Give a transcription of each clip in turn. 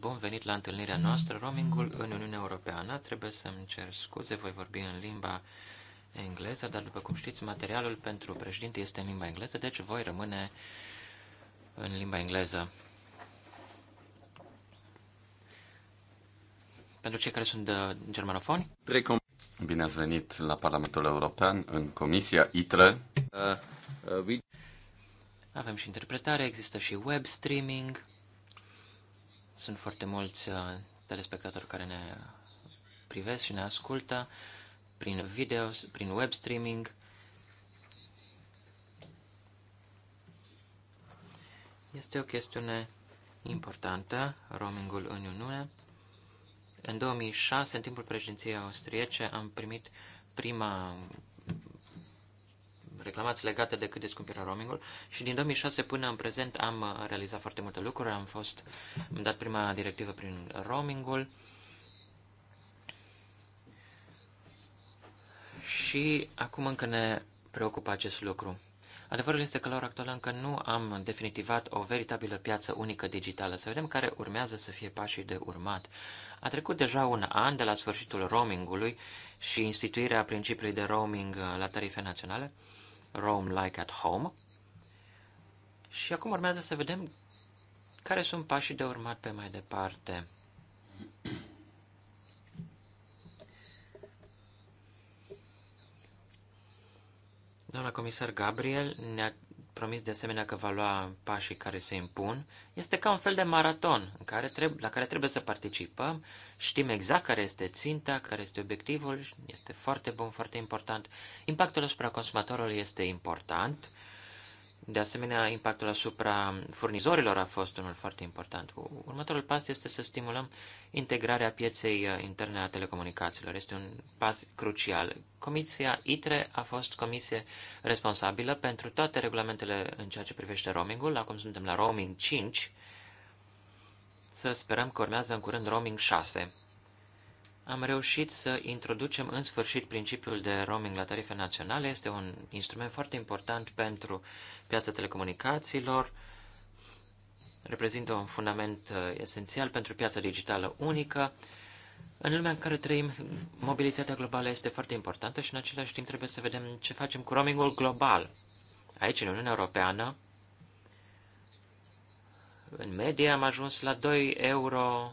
Bun venit la întâlnirea noastră. Roamingul în Uniunea Europeană. Trebuie să-mi cer scuze, voi vorbi în limba engleză, dar după cum știți, materialul pentru președinte este în limba engleză, deci voi rămâne în limba engleză. Pentru cei care sunt de uh, germanofoni. Bine ați venit la Parlamentul European, în Comisia ITRE. Avem și interpretare, există și web streaming. Sunt foarte mulți uh, telespectatori care ne privesc și ne ascultă prin video, prin web streaming. Este o chestiune importantă, roamingul în Uniune. În 2006, în timpul președinției austriece, am primit prima reclamații legate de cât de scump era roamingul și din 2006 până în prezent am uh, realizat foarte multe lucruri, am fost am dat prima directivă prin roamingul și acum încă ne preocupă acest lucru. Adevărul este că la ora actuală încă nu am definitivat o veritabilă piață unică digitală. Să vedem care urmează să fie pașii de urmat. A trecut deja un an de la sfârșitul roamingului și instituirea principiului de roaming uh, la tarife naționale. Roam Like at Home. Și acum urmează să vedem care sunt pașii de urmat pe mai departe. Doamna comisar Gabriel ne-a promis de asemenea că va lua pașii care se impun. Este ca un fel de maraton în care treb- la care trebuie să participăm. Știm exact care este ținta, care este obiectivul. Este foarte bun, foarte important. Impactul asupra consumatorului este important de asemenea, impactul asupra furnizorilor a fost unul foarte important. Următorul pas este să stimulăm integrarea pieței uh, interne a telecomunicațiilor. Este un pas crucial. Comisia ITRE a fost comisie responsabilă pentru toate regulamentele în ceea ce privește roamingul. Acum suntem la roaming 5. Să sperăm că urmează în curând roaming 6 am reușit să introducem în sfârșit principiul de roaming la tarife naționale. Este un instrument foarte important pentru piața telecomunicațiilor, reprezintă un fundament uh, esențial pentru piața digitală unică. În lumea în care trăim, mobilitatea globală este foarte importantă și în același timp trebuie să vedem ce facem cu roamingul global. Aici, în Uniunea Europeană, în medie am ajuns la 2,50 euro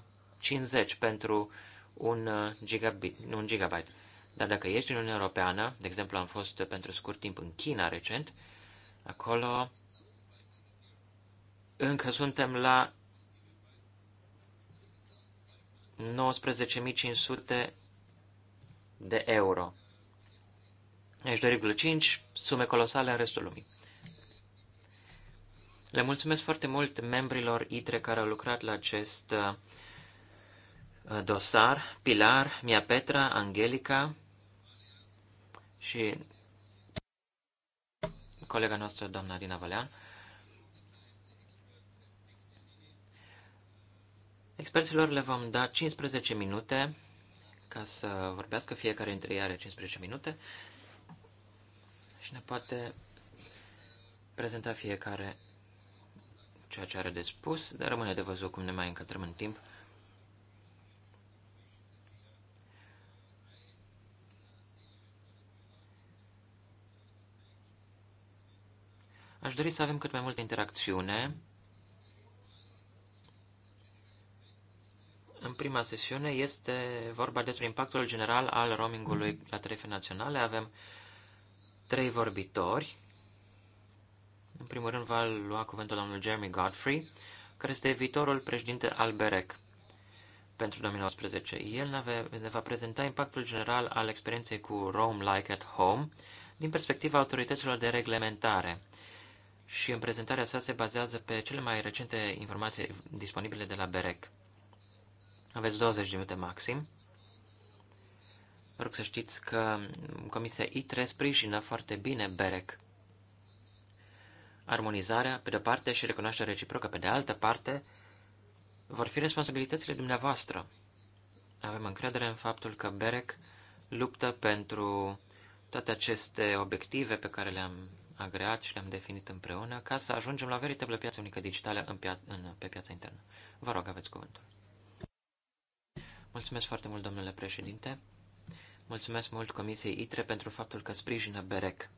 pentru un, uh, gigabit, un gigabyte. Dar dacă ești în Uniunea Europeană, de exemplu am fost pentru scurt timp în China recent, acolo încă suntem la 19.500 de euro. Aici 2,5 sume colosale în restul lumii. Le mulțumesc foarte mult membrilor ITRE care au lucrat la acest uh, Dosar, Pilar, Mia Petra, Angelica și colega noastră, doamna Dina Valean. Experților le vom da 15 minute ca să vorbească fiecare dintre ei are 15 minute și ne poate prezenta fiecare ceea ce are de spus, dar rămâne de văzut cum ne mai încătrăm în timp. Aș dori să avem cât mai multă interacțiune. În prima sesiune este vorba despre impactul general al roamingului la tarife naționale. Avem trei vorbitori. În primul rând va lua cuvântul domnul Jeremy Godfrey, care este viitorul președinte al BEREC pentru 2019. El ne, ne va prezenta impactul general al experienței cu Roam Like at Home din perspectiva autorităților de reglementare și în prezentarea sa se bazează pe cele mai recente informații disponibile de la BEREC. Aveți 20 de minute maxim. Vă rog să știți că Comisia ITRE sprijină foarte bine BEREC. Armonizarea, pe de-o parte, și recunoașterea reciprocă, pe de altă parte, vor fi responsabilitățile dumneavoastră. Avem încredere în faptul că BEREC luptă pentru toate aceste obiective pe care le-am agreat și le-am definit împreună ca să ajungem la veritabilă piață unică digitală în pia- în, pe piața internă. Vă rog, aveți cuvântul. Mulțumesc foarte mult, domnule președinte. Mulțumesc mult Comisiei ITRE pentru faptul că sprijină BEREC.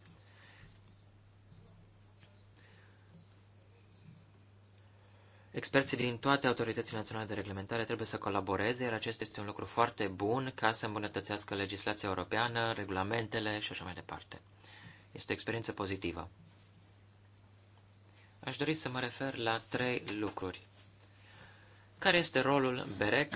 Experții din toate autoritățile naționale de reglementare trebuie să colaboreze, iar acesta este un lucru foarte bun ca să îmbunătățească legislația europeană, regulamentele și așa mai departe. Este o experiență pozitivă. Aș dori să mă refer la trei lucruri. Care este rolul BEREC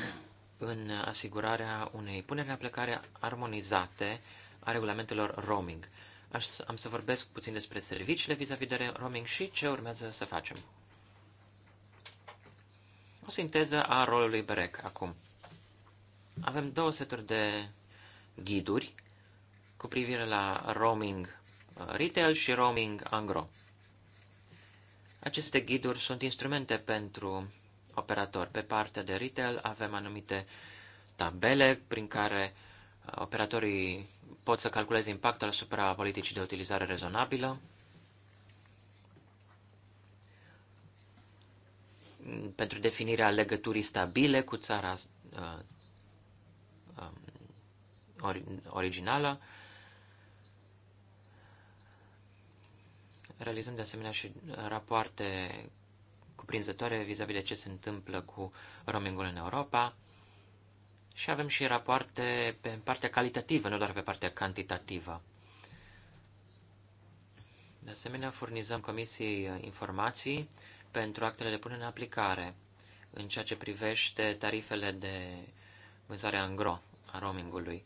în asigurarea unei puneri în aplicare armonizate a regulamentelor roaming? Aș, am să vorbesc puțin despre serviciile vis-a-vis -vis de roaming și ce urmează să facem. O sinteză a rolului BEREC acum. Avem două seturi de ghiduri cu privire la roaming retail și roaming angro. Aceste ghiduri sunt instrumente pentru operatori. Pe partea de retail avem anumite tabele prin care uh, operatorii pot să calculeze impactul asupra politicii de utilizare rezonabilă. pentru definirea legăturii stabile cu țara uh, um, originală Realizăm de asemenea și uh, rapoarte cuprinzătoare vis-a-vis -vis de ce se întâmplă cu roamingul în Europa și avem și rapoarte pe partea calitativă, nu doar pe partea cantitativă. De asemenea, furnizăm comisiei uh, informații pentru actele de punere în aplicare în ceea ce privește tarifele de vânzare gro a roamingului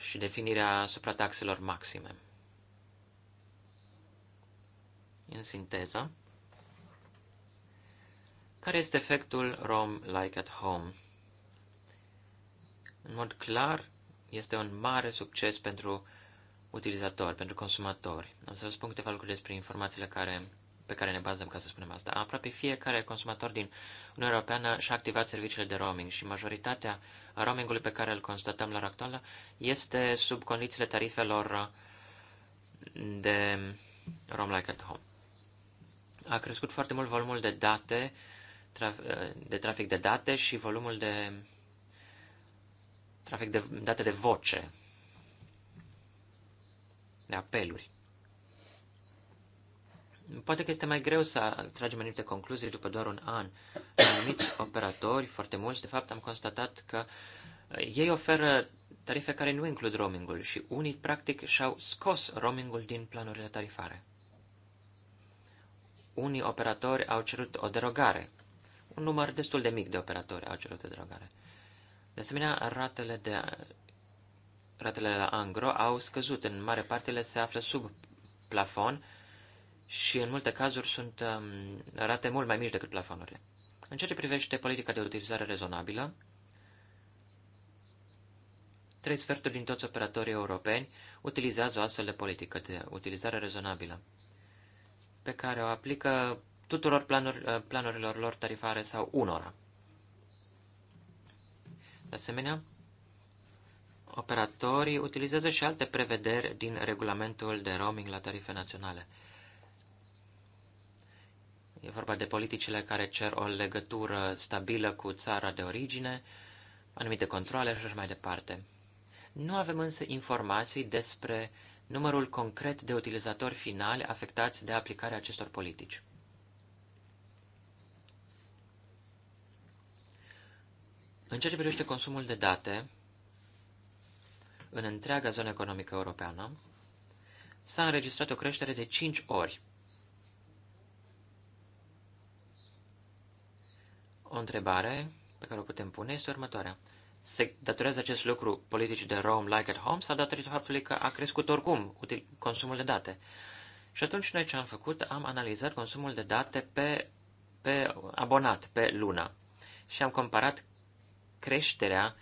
și definirea suprataxelor maxime în sinteză, care este efectul Rom Like at Home. În mod clar, este un mare succes pentru utilizatori, pentru consumatori. Am să vă spun câteva lucruri despre informațiile care, pe care ne bazăm, ca să spunem asta. Aproape fiecare consumator din Uniunea Europeană și-a activat serviciile de roaming și majoritatea roamingului pe care îl constatăm la ora actuală este sub condițiile tarifelor de Roam Like at Home a crescut foarte mult volumul de date, de trafic de date și volumul de trafic de date de voce, de apeluri. Poate că este mai greu să tragem anumite concluzii după doar un an. Anumiți operatori, foarte mulți, de fapt, am constatat că ei oferă tarife care nu includ roamingul și unii, practic, și-au scos roamingul din planurile tarifare unii operatori au cerut o derogare. Un număr destul de mic de operatori au cerut o derogare. De asemenea, ratele de ratele la angro au scăzut. În mare parte le se află sub plafon și în multe cazuri sunt um, rate mult mai mici decât plafonurile. În ceea ce privește politica de utilizare rezonabilă, trei sferturi din toți operatorii europeni utilizează o astfel de politică de utilizare rezonabilă pe care o aplică tuturor planuri, uh, planurilor lor tarifare sau unora. De asemenea, operatorii utilizează și alte prevederi din regulamentul de roaming la tarife naționale. E vorba de politicile care cer o legătură stabilă cu țara de origine, anumite controle și așa mai departe. Nu avem însă informații despre uh, numărul concret de utilizatori finali afectați de aplicarea acestor politici. În ceea ce privește consumul de date în întreaga zonă economică europeană, s-a înregistrat o creștere de 5 ori. O întrebare pe care o putem pune este următoarea se datorează acest lucru politicii de Rome like at home sau datorită faptului că a crescut oricum consumul de date. Și atunci noi ce am făcut? Am analizat consumul de date pe, pe abonat, pe lună. Și am comparat creșterea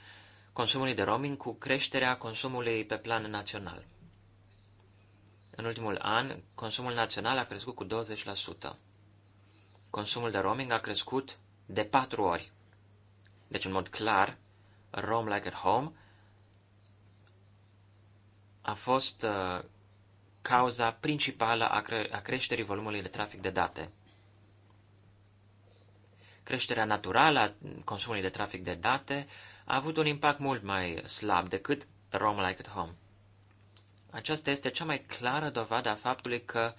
consumului de roaming cu creșterea consumului pe plan național. În ultimul an, consumul național a crescut cu 20%. Consumul de roaming a crescut de 4 ori. Deci, în mod clar, Rome Like at Home a fost uh, cauza principală a, cre- a creșterii volumului de trafic de date. Creșterea naturală a consumului de trafic de date a avut un impact mult mai slab decât Rome Like at Home. Aceasta este cea mai clară dovadă a faptului că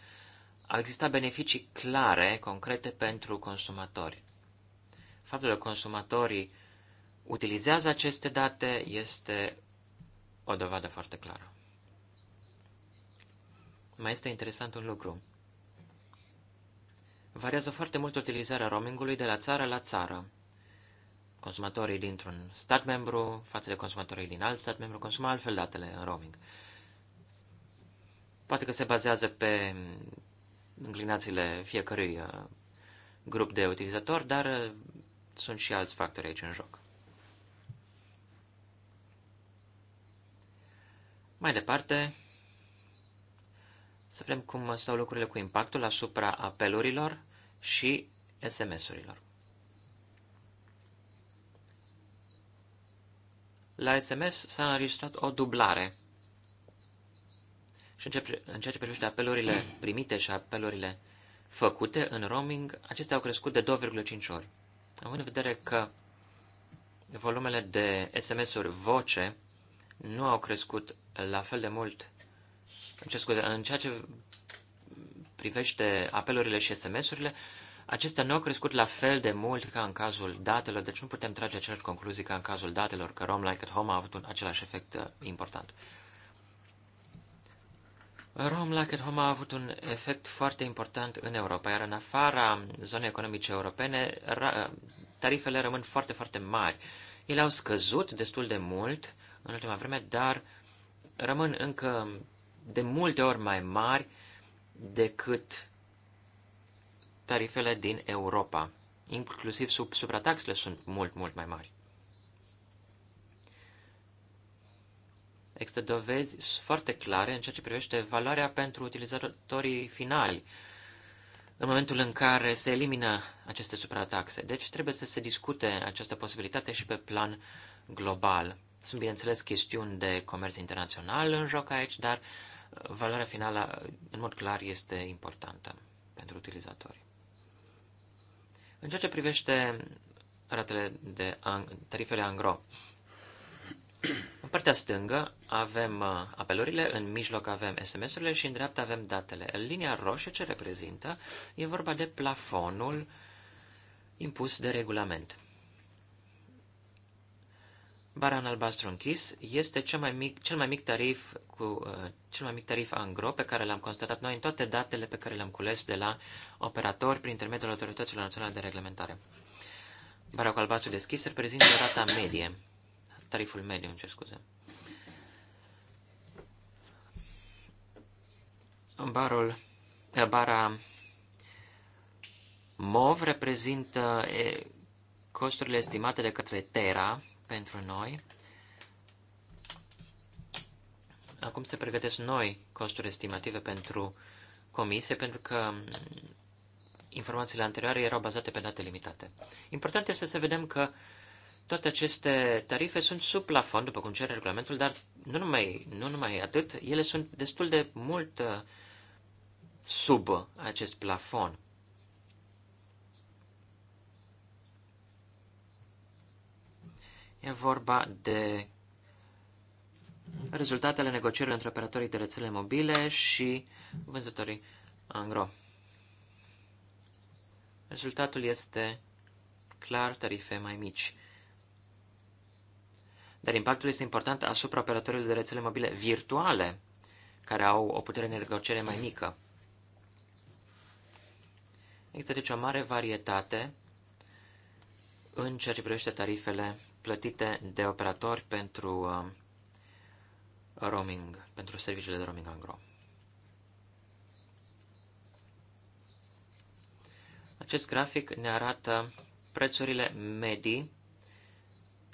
au existat beneficii clare, concrete pentru consumatori. Faptul că consumatorii utilizează aceste date este o dovadă foarte clară. Mai este interesant un lucru. Variază foarte mult utilizarea roamingului de la țară la țară. Consumatorii dintr-un stat membru față de consumatorii din alt stat membru consumă altfel datele în roaming. Poate că se bazează pe înclinațiile fiecărui uh, grup de utilizatori, dar uh, sunt și alți factori aici în joc. Mai departe, să vedem cum stau lucrurile cu impactul asupra apelurilor și SMS-urilor. La SMS s-a înregistrat o dublare. Și în ceea ce privește apelurile primite și apelurile făcute în roaming, acestea au crescut de 2,5 ori. Având în vedere că volumele de SMS-uri voce nu au crescut la fel de mult, ce scuze, în ceea ce privește apelurile și SMS-urile, acestea nu au crescut la fel de mult ca în cazul datelor, deci nu putem trage aceleași concluzii ca în cazul datelor, că Rom Like at Home a avut un același efect uh, important. Rom Like at Home a avut un efect foarte important în Europa, iar în afara zonei economice europene, uh, tarifele rămân foarte, foarte mari. Ele au scăzut destul de mult în ultima vreme, dar uh, rămân încă de multe ori mai mari decât tarifele din Europa. Inclusiv sub suprataxele sunt mult, mult mai mari. Există dovezi foarte clare în ceea ce privește valoarea pentru utilizatorii finali în momentul în care se elimină aceste suprataxe. Deci trebuie să se discute această posibilitate și pe plan global. Sunt, bineînțeles, chestiuni de comerț internațional în joc aici, dar uh, valoarea finală, în mod clar, este importantă pentru utilizatori. În ceea ce privește ratele de tarifele angro, în partea stângă avem uh, apelurile, în mijloc avem SMS-urile și în dreapta avem datele. În linia roșie ce reprezintă e vorba de plafonul impus de regulament bara în albastru închis este cel mai mic, cel mai mic tarif cu uh, cel mai mic tarif angro pe care l-am constatat noi în toate datele pe care le-am cules de la operatori prin intermediul autorităților naționale de reglementare. Bara cu albastru deschis reprezintă rata medie, tariful mediu, îmi cer scuze. Barul, bara MOV reprezintă costurile estimate de către Tera pentru noi. Acum se pregătesc noi costuri estimative pentru comisie, pentru că informațiile anterioare erau bazate pe date limitate. Important este să vedem că toate aceste tarife sunt sub plafon, după cum cere regulamentul, dar nu numai, nu numai atât, ele sunt destul de mult uh, sub acest plafon. E vorba de rezultatele negocierilor între operatorii de rețele mobile și vânzătorii angro. Rezultatul este clar tarife mai mici. Dar impactul este important asupra operatorilor de rețele mobile virtuale, care au o putere de negociere mai mică. Există deci o mare varietate în ceea ce privește tarifele plătite de operatori pentru uh, roaming, pentru serviciile de roaming angro. Acest grafic ne arată prețurile medii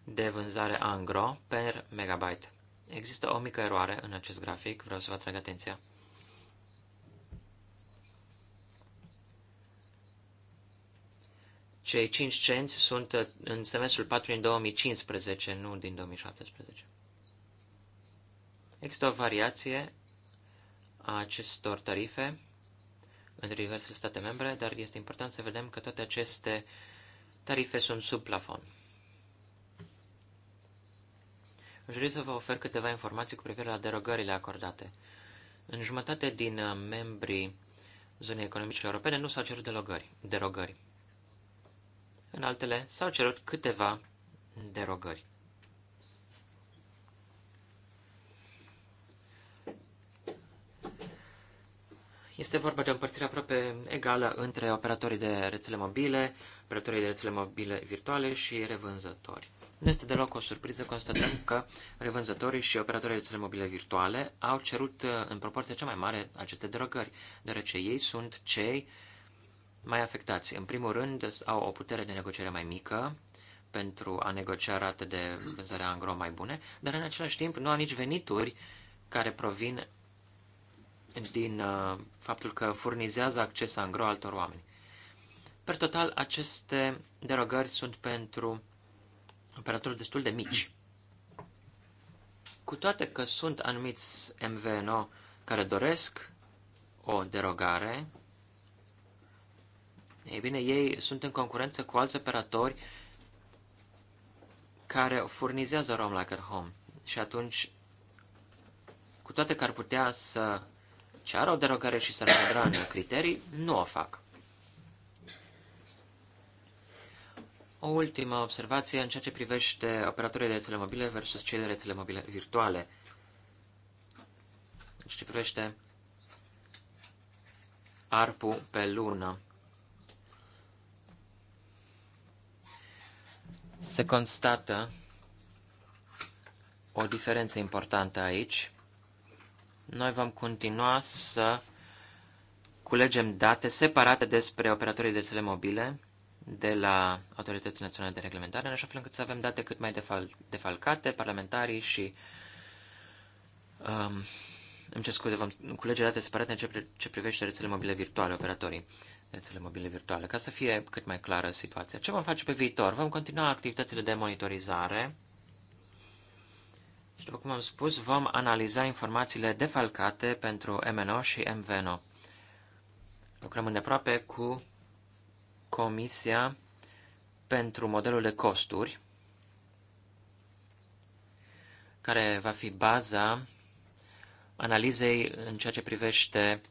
de vânzare angro per megabyte. Există o mică eroare în acest grafic, vreau să vă atrag atenția. Cei 5 cenți sunt uh, în semestrul 4 din 2015, nu din 2017. Există o variație a acestor tarife între diversele state membre, dar este important să vedem că toate aceste tarife sunt sub plafon. Aș vrea să vă ofer câteva informații cu privire la derogările acordate. În jumătate din uh, membrii zonei economice europene nu s-au cerut derogări. derogări. În altele s-au cerut câteva derogări. Este vorba de o împărțire aproape egală între operatorii de rețele mobile, operatorii de rețele mobile virtuale și revânzători. Nu este deloc o surpriză, constatăm că revânzătorii și operatorii de rețele mobile virtuale au cerut uh, în proporție cea mai mare aceste derogări, deoarece ei sunt cei mai afectați. În primul rând, au o putere de negociere mai mică pentru a negocia rate de vânzare angro mai bune, dar în același timp nu au nici venituri care provin din uh, faptul că furnizează acces angro altor oameni. Per total, aceste derogări sunt pentru operatori destul de mici. Cu toate că sunt anumiți MVNO care doresc o derogare ei bine, ei sunt în concurență cu alți operatori care furnizează rom like at home. Și atunci, cu toate că ar putea să ceară o derogare și să rămână în criterii, nu o fac. O ultimă observație în ceea ce privește operatorii de rețele mobile versus cei de rețele mobile virtuale. În ce privește ARPU pe lună. Se constată o diferență importantă aici. Noi vom continua să culegem date separate despre operatorii de rețele mobile de la Autoritățile Naționale de Reglementare, în așa fel încât să avem date cât mai defal- defalcate, parlamentarii și um, îmi cer scuze, vom culege date separate în ce, pri- ce privește rețele mobile virtuale, operatorii rețele mobile virtuale. Ca să fie cât mai clară situația, ce vom face pe viitor? Vom continua activitățile de monitorizare și, după cum am spus, vom analiza informațiile defalcate pentru MNO și MVNO. Lucrăm îndeproape cu Comisia pentru modelul de costuri, care va fi baza analizei în ceea ce privește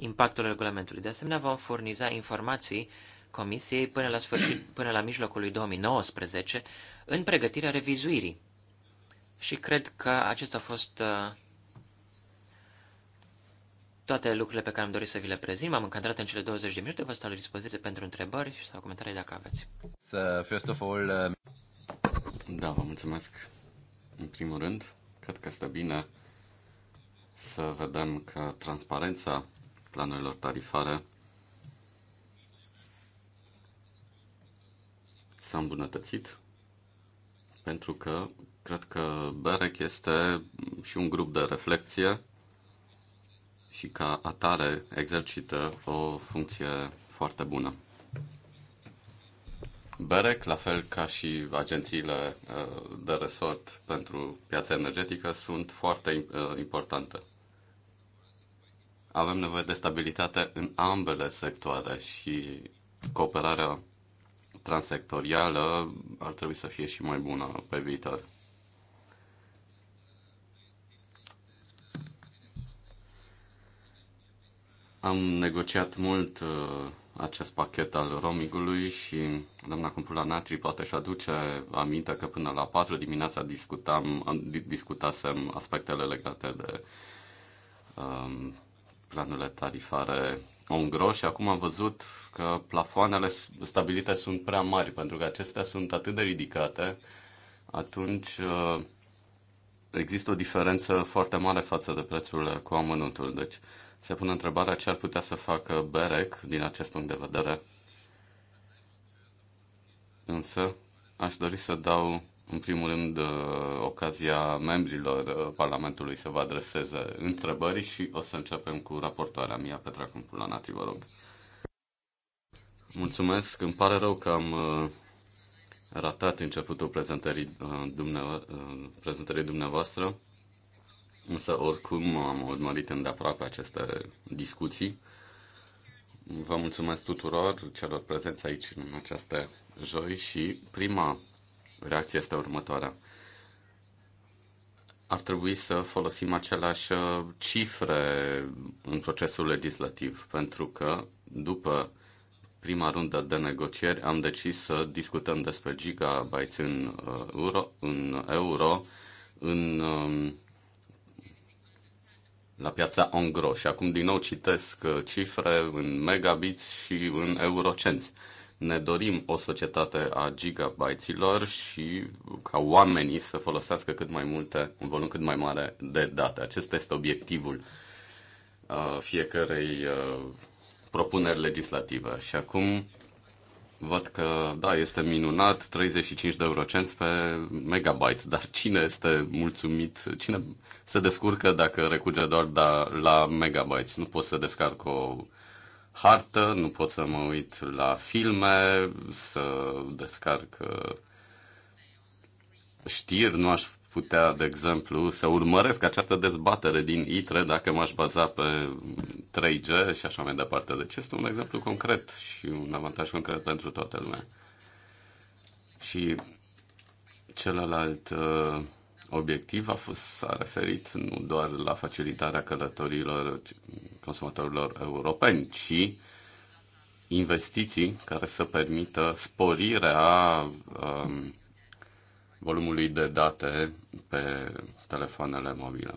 impactul regulamentului. De asemenea, vom furniza informații Comisiei până la, sfârșit, până la mijlocul lui 2019 în pregătirea revizuirii. Și cred că acestea au fost uh, toate lucrurile pe care am dorit să vi le prezint. M-am încadrat în cele 20 de minute, vă stau la dispoziție pentru întrebări sau comentarii dacă aveți. So, first of all, uh, Da, vă mulțumesc. În primul rând, cred că este bine să vedem că transparența planurilor tarifare s-a îmbunătățit pentru că cred că BEREC este și un grup de reflexie și ca atare exercită o funcție foarte bună. BEREC, la fel ca și agențiile uh, de resort pentru piața energetică, sunt foarte uh, importante. Avem nevoie de stabilitate în ambele sectoare și cooperarea transsectorială ar trebui să fie și mai bună pe viitor. Am negociat mult uh, acest pachet al roamingului și doamna Cumpula Natri poate și aduce aminte că până la 4 dimineața discutam, discutasem aspectele legate de um, planurile tarifare ongro și acum am văzut că plafoanele stabilite sunt prea mari pentru că acestea sunt atât de ridicate, atunci uh, există o diferență foarte mare față de prețurile cu amănuntul. Deci se pune întrebarea ce ar putea să facă BEREC din acest punct de vedere. Însă aș dori să dau în primul rând, uh, ocazia membrilor uh, Parlamentului să vă adreseze întrebări și o să începem cu raportoarea mea, Petra Cumpulana-Ati, vă rog. Mulțumesc, îmi pare rău că am uh, ratat începutul prezentării, dumneavo- prezentării dumneavoastră, însă oricum am urmărit îndeaproape aceste discuții. Vă mulțumesc tuturor celor prezenți aici în această joi și prima reacția este următoarea. Ar trebui să folosim aceleași uh, cifre în procesul legislativ, pentru că după prima rundă de negocieri am decis să discutăm despre gigabytes în uh, euro, în, euro, în um, la piața Ongro și acum din nou citesc uh, cifre în megabits și în eurocenți ne dorim o societate a gigabyte ilor și ca oamenii să folosească cât mai multe, un volum cât mai mare de date. Acesta este obiectivul uh, fiecarei uh, propuneri legislative. Și acum văd că, da, este minunat, 35 de eurocenți pe megabyte, dar cine este mulțumit, cine se descurcă dacă recurge doar da, la megabyte? Nu poți să descarc o hartă, nu pot să mă uit la filme, să descarc uh, știri, nu aș putea, de exemplu, să urmăresc această dezbatere din ITRE dacă m-aș baza pe 3G și așa mai departe. Deci este un exemplu concret și un avantaj concret pentru toată lumea. Și celălalt uh, obiectiv a fost s-a referit nu doar la facilitarea călătorilor consumatorilor europeni, ci investiții care să permită sporirea um, volumului de date pe telefoanele mobile.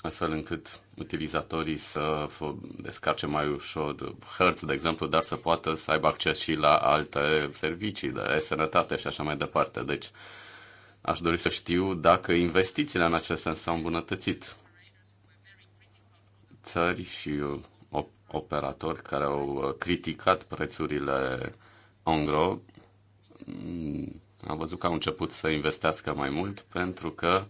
astfel încât utilizatorii să descarce mai ușor hărți, de exemplu, dar să poată să aibă acces și la alte servicii de sănătate și așa mai departe. Deci, uh, Aș dori să știu dacă investițiile în acest sens s-au îmbunătățit. Țări și uh, operatori care au uh, criticat prețurile Ongro mm, am văzut că au început să investească mai mult pentru că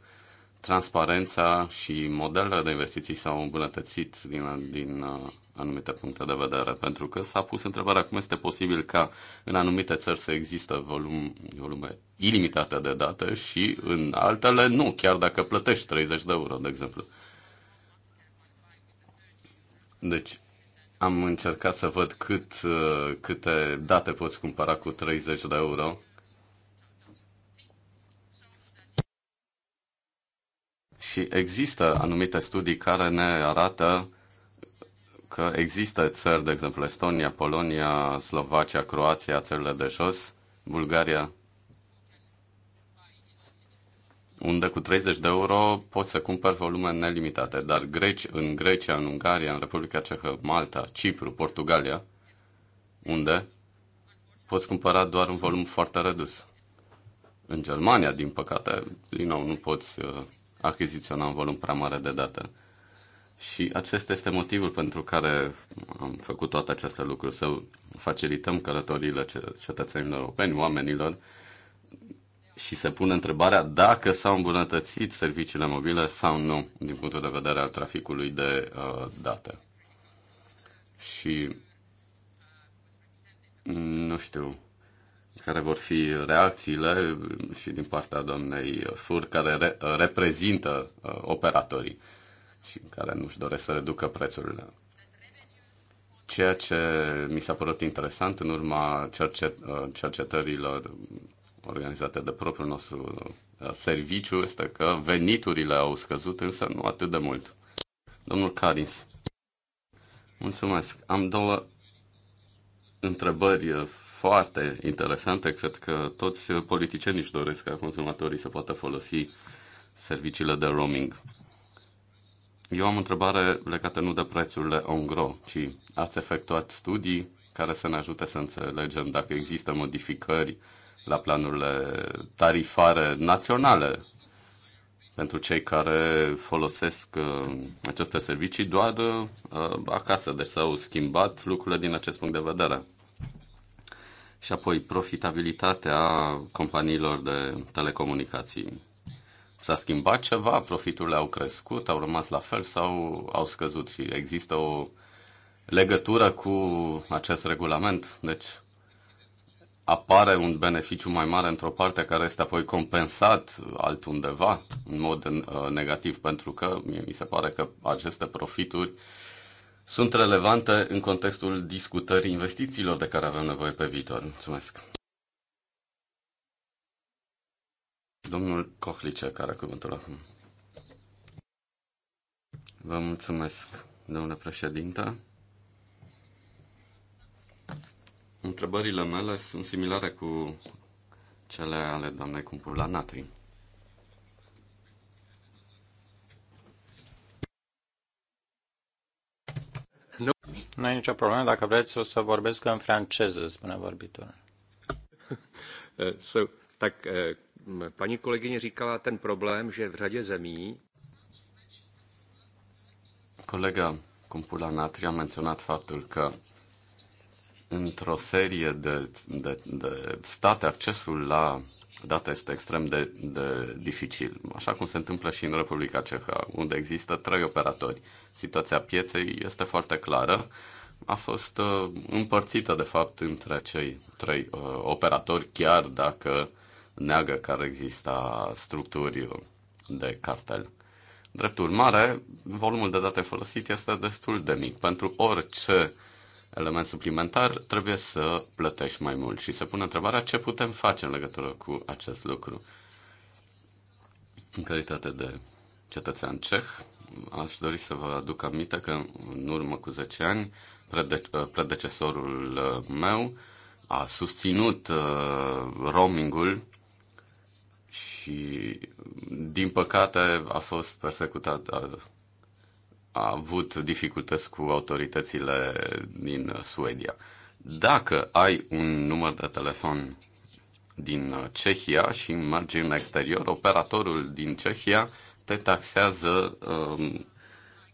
transparența și modelele de investiții s-au îmbunătățit din, din uh, anumite puncte de vedere, pentru că s-a pus întrebarea cum este posibil ca în anumite țări să există volum, volume ilimitate de date și în altele nu, chiar dacă plătești 30 de euro, de exemplu. Deci, am încercat să văd cât, câte date poți cumpăra cu 30 de euro. Și există anumite studii care ne arată uh, că există țări, de exemplu Estonia, Polonia, Slovacia, Croația, țările de jos, Bulgaria, unde cu 30 de euro poți să cumperi volume nelimitate, dar greci, în Grecia, în Ungaria, în Republica Cehă, Malta, Cipru, Portugalia, unde poți cumpăra doar un volum foarte redus. În Germania, din păcate, din nou, nu poți uh, achiziționa un volum prea mare de date. Și acesta este motivul pentru care am făcut toate aceste lucruri, să facilităm călătoriile cetățenilor europeni, oamenilor, și se pune întrebarea dacă s-au îmbunătățit serviciile mobile sau nu, din punctul de vedere al traficului de uh, date. Și nu știu care vor fi reacțiile și din partea doamnei Fur, care re- reprezintă uh, operatorii. Uh, și care nu-și doresc să reducă prețurile. Ceea ce mi s-a părut interesant în urma cercet, uh, cercetărilor organizate de propriul nostru uh, serviciu este că veniturile au scăzut, însă nu atât de mult. Domnul Carins, mulțumesc. Am două întrebări foarte interesante. Cred că toți politicienii își doresc ca consumatorii să poată folosi serviciile de roaming. Eu am o întrebare legată nu de prețurile ongro, ci ați efectuat studii care să ne ajute să înțelegem dacă există modificări la planurile tarifare naționale pentru cei care folosesc uh, aceste servicii doar uh, acasă, deci s-au schimbat lucrurile din acest punct de vedere. Și apoi profitabilitatea companiilor de telecomunicații. S-a schimbat ceva, profiturile au crescut, au rămas la fel sau au scăzut și există o legătură cu acest regulament? Deci apare un beneficiu mai mare într-o parte care este apoi compensat altundeva în mod uh, negativ pentru că mi se pare că aceste profituri sunt relevante în contextul discutării investițiilor de care avem nevoie pe viitor. Mulțumesc! Domnul Cohlice, care are cuvântul acum. Vă mulțumesc, domnule președinte. Întrebările mele sunt similare cu cele ale doamnei la Natri. Nu. nu e nicio problemă. Dacă vreți, o să vorbesc în franceză, spune vorbitorul. Uh, so, tak, uh, Paní kolegyně říkala ten problém, že v řadě zemí. Kolega Kumpula Natria a menționat faptul că într-o serie de, de, de state accesul la date este extrem de, de dificil, așa cum se întâmplă și în Republica Cehă, unde există trei operatori. Situația pieței este foarte clară a fost uh, împărțită, de fapt, între cei trei uh, operatori, chiar dacă neagă că ar exista structuri de cartel. Drept urmare, volumul de date folosit este destul de mic. Pentru orice element suplimentar trebuie să plătești mai mult și se pune întrebarea ce putem face în legătură cu acest lucru. În calitate de cetățean ceh, aș dori să vă aduc aminte că în urmă cu 10 ani prede- predecesorul meu a susținut uh, roamingul și, din păcate, a fost persecutat, a, a avut dificultăți cu autoritățile din Suedia. Dacă ai un număr de telefon din Cehia și mergi în exterior, operatorul din Cehia te taxează um,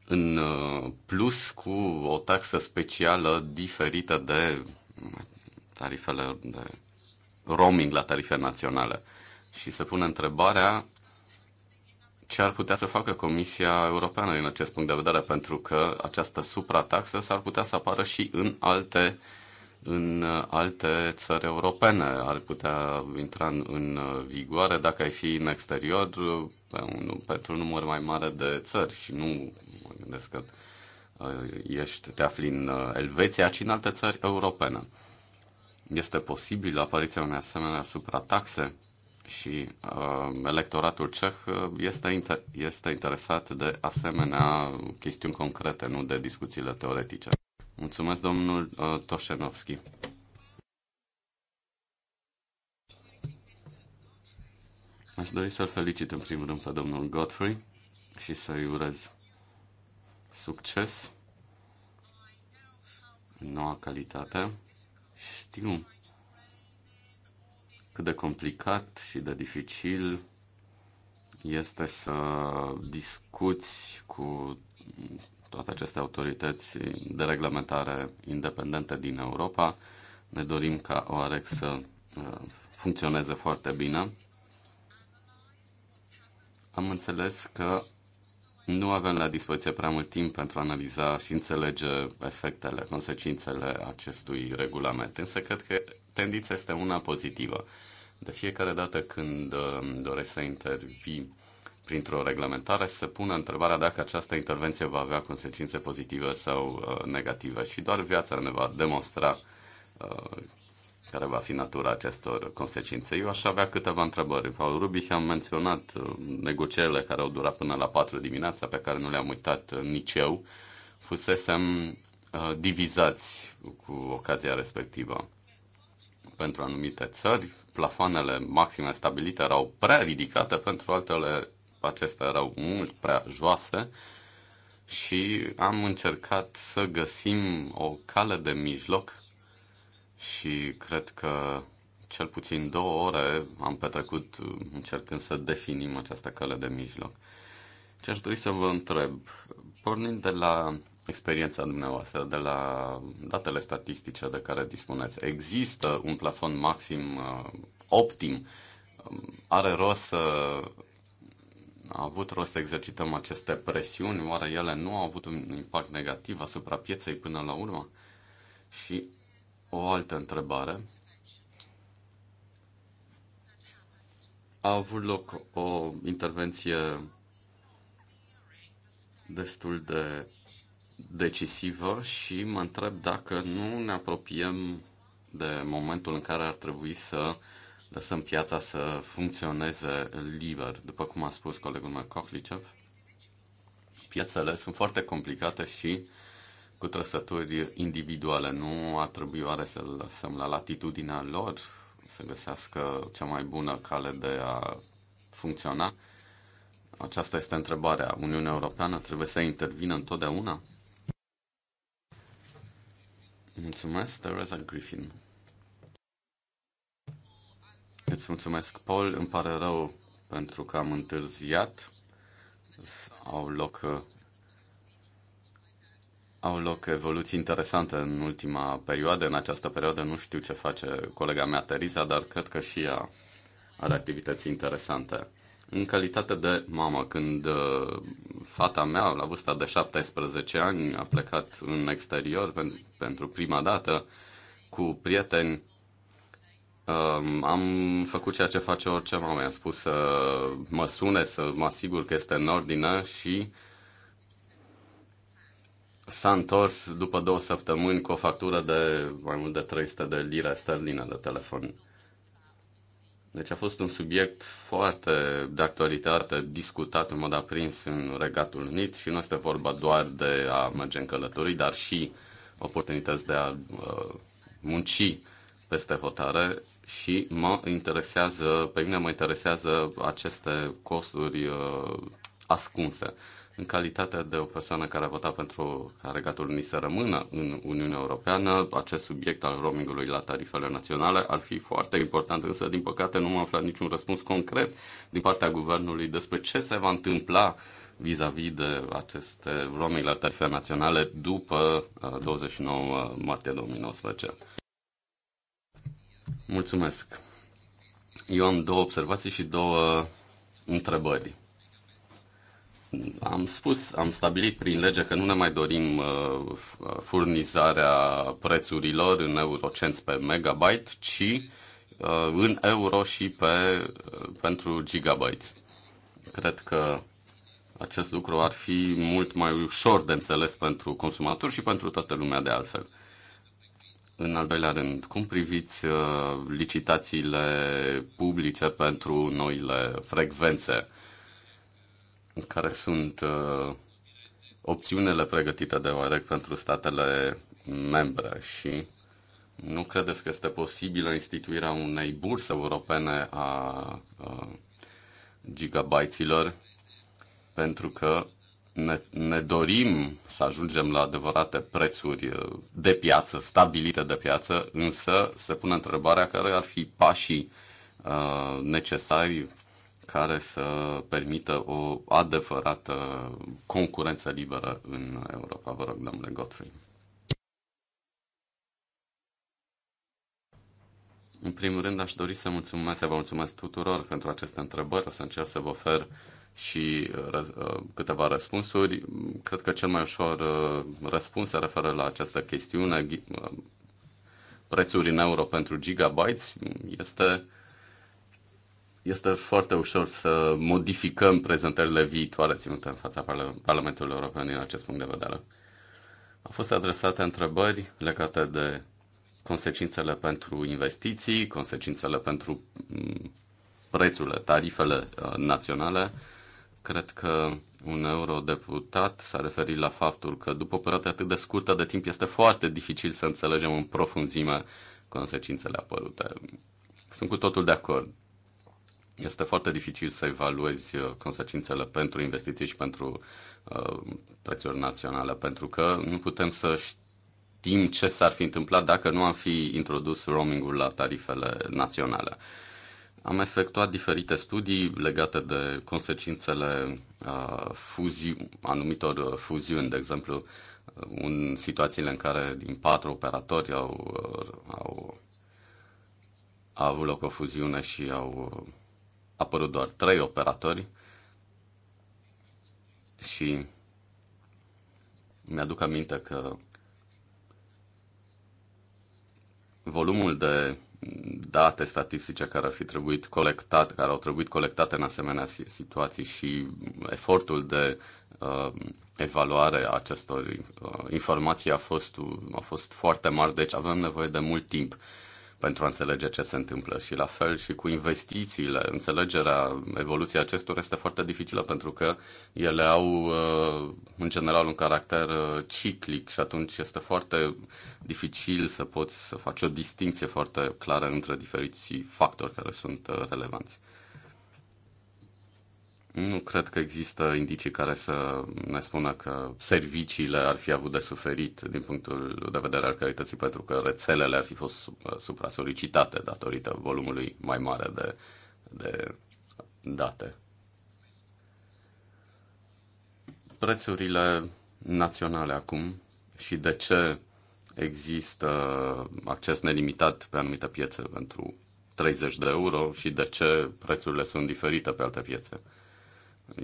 în uh, plus cu o taxă specială diferită de tarifele de roaming la tarife naționale și se pune întrebarea ce ar putea să facă Comisia Europeană din acest punct de vedere, pentru că această suprataxă s-ar putea să apară și în alte, în alte țări europene. Ar putea intra în, în vigoare dacă ai fi în exterior pe un, pentru un număr mai mare de țări și nu mă gândesc că uh, ești, te afli în uh, Elveția, ci în alte țări europene. Este posibil apariția unei asemenea suprataxe? și uh, electoratul ceh uh, este, inter- este interesat de asemenea chestiuni concrete, nu de discuțiile teoretice. Mulțumesc, domnul uh, Toșenovski. Aș dori să-l felicit în primul rând pe domnul Godfrey și să-i urez succes în noua calitate. Știu cât de complicat și de dificil este să discuți cu toate aceste autorități de reglementare independente din Europa. Ne dorim ca OAREC să uh, funcționeze foarte bine. Am înțeles că nu avem la dispoziție prea mult timp pentru a analiza și înțelege efectele, consecințele acestui regulament, însă cred că tendința este una pozitivă. De fiecare dată când uh, doresc să intervii printr-o reglementare, să pună întrebarea dacă această intervenție va avea consecințe pozitive sau uh, negative și doar viața ne va demonstra uh, care va fi natura acestor consecințe. Eu aș avea câteva întrebări. Paul Rubi și-am menționat negocierile care au durat până la 4 dimineața, pe care nu le-am uitat nici eu. Fusesem divizați cu ocazia respectivă pentru anumite țări, plafoanele maxime stabilite erau prea ridicate, pentru altele acestea erau mult prea joase și am încercat să găsim o cale de mijloc și cred că cel puțin două ore am petrecut încercând să definim această cale de mijloc. Ce aș dori să vă întreb, pornind de la experiența dumneavoastră, de la datele statistice de care dispuneți. Există un plafon maxim uh, optim? Um, are rost să a avut rost să exercităm aceste presiuni? Oare ele nu au avut un impact negativ asupra pieței până la urmă? Și o altă întrebare. A avut loc o intervenție destul de decisivă și mă întreb dacă nu ne apropiem de momentul în care ar trebui să lăsăm piața să funcționeze liber. După cum a spus colegul meu Kohlicev, piețele sunt foarte complicate și cu trăsături individuale. Nu ar trebui oare să lăsăm la latitudinea lor să găsească cea mai bună cale de a funcționa? Aceasta este întrebarea. Uniunea Europeană trebuie să intervină întotdeauna? Mulțumesc, Teresa Griffin. Îți mulțumesc, Paul. Îmi pare rău pentru că am întârziat. Au loc, au loc evoluții interesante în ultima perioadă, în această perioadă. Nu știu ce face colega mea, Teresa, dar cred că și ea are activități interesante în calitate de mamă, când uh, fata mea, la vârsta de 17 ani, a plecat în exterior pentru prima dată cu prieteni, um, am făcut ceea ce face orice mamă. I-am spus să mă sune, să mă asigur că este în ordine și s-a întors după două săptămâni cu o factură de mai mult de 300 de lire sterline de telefon. Deci a fost un subiect foarte de actualitate, discutat în mod aprins în Regatul Unit și nu este vorba doar de a merge în călătorii, dar și oportunități de a uh, munci peste hotare și mă interesează, pe mine mă interesează aceste costuri uh, ascunse în calitate de o persoană care a votat pentru ca regatul Unii să rămână în Uniunea Europeană, acest subiect al roamingului la tarifele naționale ar fi foarte important, însă, din păcate, nu am aflat niciun răspuns concret din partea guvernului despre ce se va întâmpla vis-a-vis -vis de aceste roaming la tarife naționale după 29 uh, martie 2019. Mulțumesc! Eu am două observații și două întrebări. Am spus, am stabilit prin lege că nu ne mai dorim uh, uh, furnizarea prețurilor în eurocenți pe megabyte, ci uh, în euro și pe, pentru gigabyte. Cred că acest lucru ar fi mult mai ușor de înțeles pentru consumatori și pentru toată lumea de altfel. În al doilea rând, cum priviți licitațiile publice pentru noile frecvențe? care sunt uh, opțiunile pregătite de OREC pentru statele membre și nu credeți că este posibilă instituirea unei burse europene a, uh, gigabaiților pentru că ne, ne dorim să ajungem la adevărate prețuri uh, de piață, stabilite de piață, însă se pune întrebarea care ar fi pașii uh, necesari care să permită o adevărată concurență liberă în Europa. Vă rog, domnule Godfrey. În primul rând, aș dori să mulțumesc, să vă mulțumesc tuturor pentru aceste întrebări. O să încerc să vă ofer și uh, câteva răspunsuri. Cred că cel mai ușor uh, răspuns se referă la această chestiune. Uh, Prețuri în euro pentru gigabytes este este foarte ușor să modificăm prezentările viitoare ținute în fața Parlamentului European din acest punct de vedere. Au fost adresate întrebări legate de consecințele pentru investiții, consecințele pentru mm, prețurile, tarifele uh, naționale. Cred că un eurodeputat s-a referit la faptul că după o perioadă atât de scurtă de timp este foarte dificil să înțelegem în profunzime consecințele apărute. Sunt cu totul de acord este foarte dificil să evaluezi uh, consecințele pentru investiții și pentru uh, prețuri naționale, pentru că nu putem să știm ce s-ar fi întâmplat dacă nu am fi introdus roamingul la tarifele naționale. Am efectuat diferite studii legate de consecințele uh, fuziu, anumitor fuziuni, de exemplu, în situațiile în care din patru operatori au, au, au avut loc o fuziune și au apărut doar trei operatori și mi-aduc aminte că volumul de date statistice care ar fi trebuit colectat, care au trebuit colectate în asemenea situații și efortul de uh, evaluare a acestor uh, informații a fost, a fost foarte mare, deci avem nevoie de mult timp. Uh, pentru a înțelege ce se întâmplă. Și la fel și cu investițiile, înțelegerea evoluției acestor este foarte dificilă pentru că ele au uh, în general un caracter uh, ciclic și atunci este foarte dificil să poți să faci o distinție foarte clară între diferiții factori care sunt uh, relevanți. Nu cred că există indicii care să ne spună că serviciile ar fi avut de suferit din punctul de vedere al calității, pentru că rețelele ar fi fost uh, supra-solicitate datorită volumului mai mare de, de date. Prețurile naționale acum și de ce există acces nelimitat pe anumite piețe pentru 30 de euro și de ce prețurile sunt diferite pe alte piețe.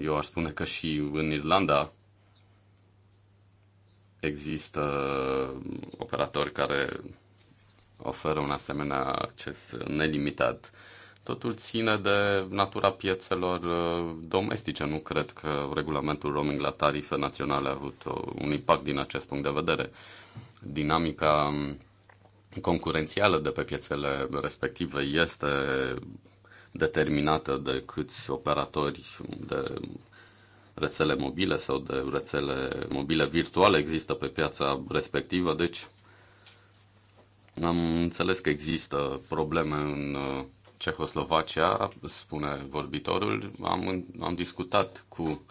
Eu aș spune că și în Irlanda există operatori care oferă un asemenea acces nelimitat. Totul ține de natura piețelor uh, domestice. Nu cred că regulamentul roaming la tarife naționale a avut uh, un impact din acest punct de vedere. Dinamica um, concurențială de pe piețele respective este determinată de câți operatori de rețele mobile sau de rețele mobile virtuale există pe piața respectivă, deci am înțeles că există probleme în uh, Cehoslovacia, spune vorbitorul. Am, am discutat cu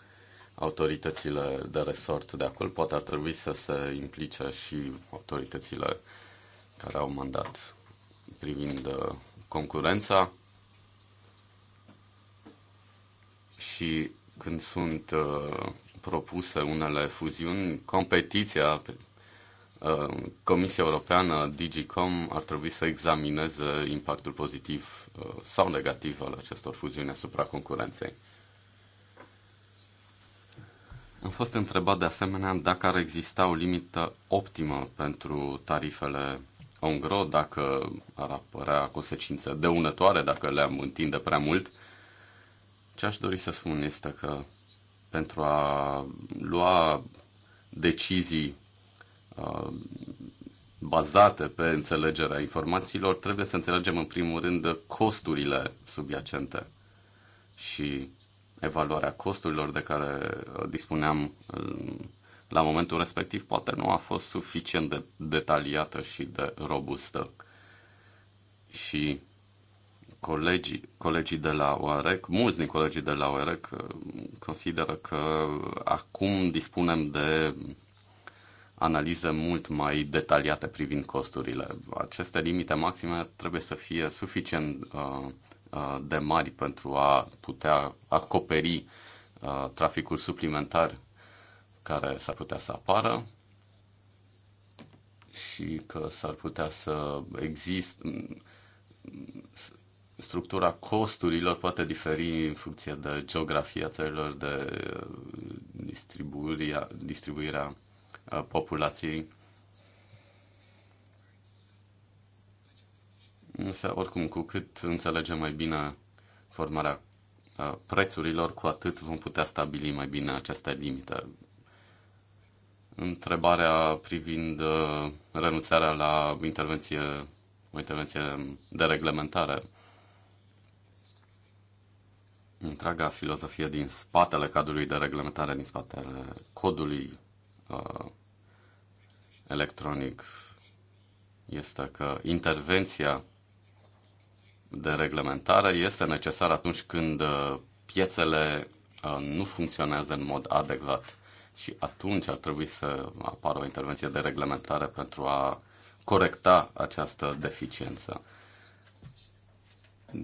autoritățile de resort de acolo. Poate ar trebui să se implice și autoritățile care au mandat privind uh, concurența. și când sunt uh, propuse unele fuziuni, competiția uh, Comisia Europeană, DigiCom, ar trebui să examineze impactul pozitiv uh, sau negativ al acestor fuziuni asupra concurenței. Am fost întrebat de asemenea dacă ar exista o limită optimă pentru tarifele ongro, dacă ar apărea consecințe dăunătoare dacă le-am întinde prea mult – ce aș dori să spun este că pentru a lua decizii uh, bazate pe înțelegerea informațiilor, trebuie să înțelegem în primul rând costurile subiacente și evaluarea costurilor de care uh, dispuneam uh, la momentul respectiv poate nu a fost suficient de detaliată și de robustă. Și colegii, colegii de la OREC, mulți din colegii de la OREC uh, consideră că acum dispunem de analize mult mai detaliate privind costurile. Aceste limite maxime trebuie să fie suficient uh, uh, de mari pentru a putea acoperi traficul suplimentar care s-ar putea să apară și că s-ar putea să existe structura costurilor poate diferi în funcție de geografia țărilor, de uh, distribuirea, distribuirea uh, populației. Însă, oricum, cu cât înțelegem mai bine formarea uh, prețurilor, cu atât vom putea stabili mai bine aceste limite. Întrebarea privind renunțarea la intervenție, o intervenție de reglementare întreaga filozofie din spatele cadrului de reglementare, din spatele codului uh, electronic, este că intervenția de reglementare este necesară atunci când uh, piețele uh, nu funcționează în mod adecvat și atunci ar trebui să apară o intervenție de reglementare pentru a corecta această deficiență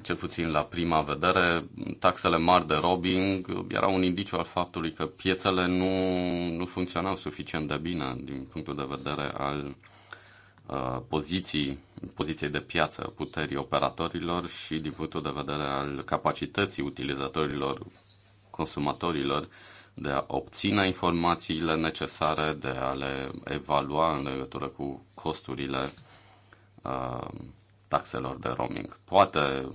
cel puțin la prima vedere, taxele mari de robbing erau un indiciu al faptului că piețele nu, nu funcționau suficient de bine din punctul de vedere al uh, poziții, poziției de piață, puterii operatorilor și din punctul de vedere al capacității utilizatorilor, consumatorilor de a obține informațiile necesare, de a le evalua în legătură cu costurile uh, taxelor de roaming. Poate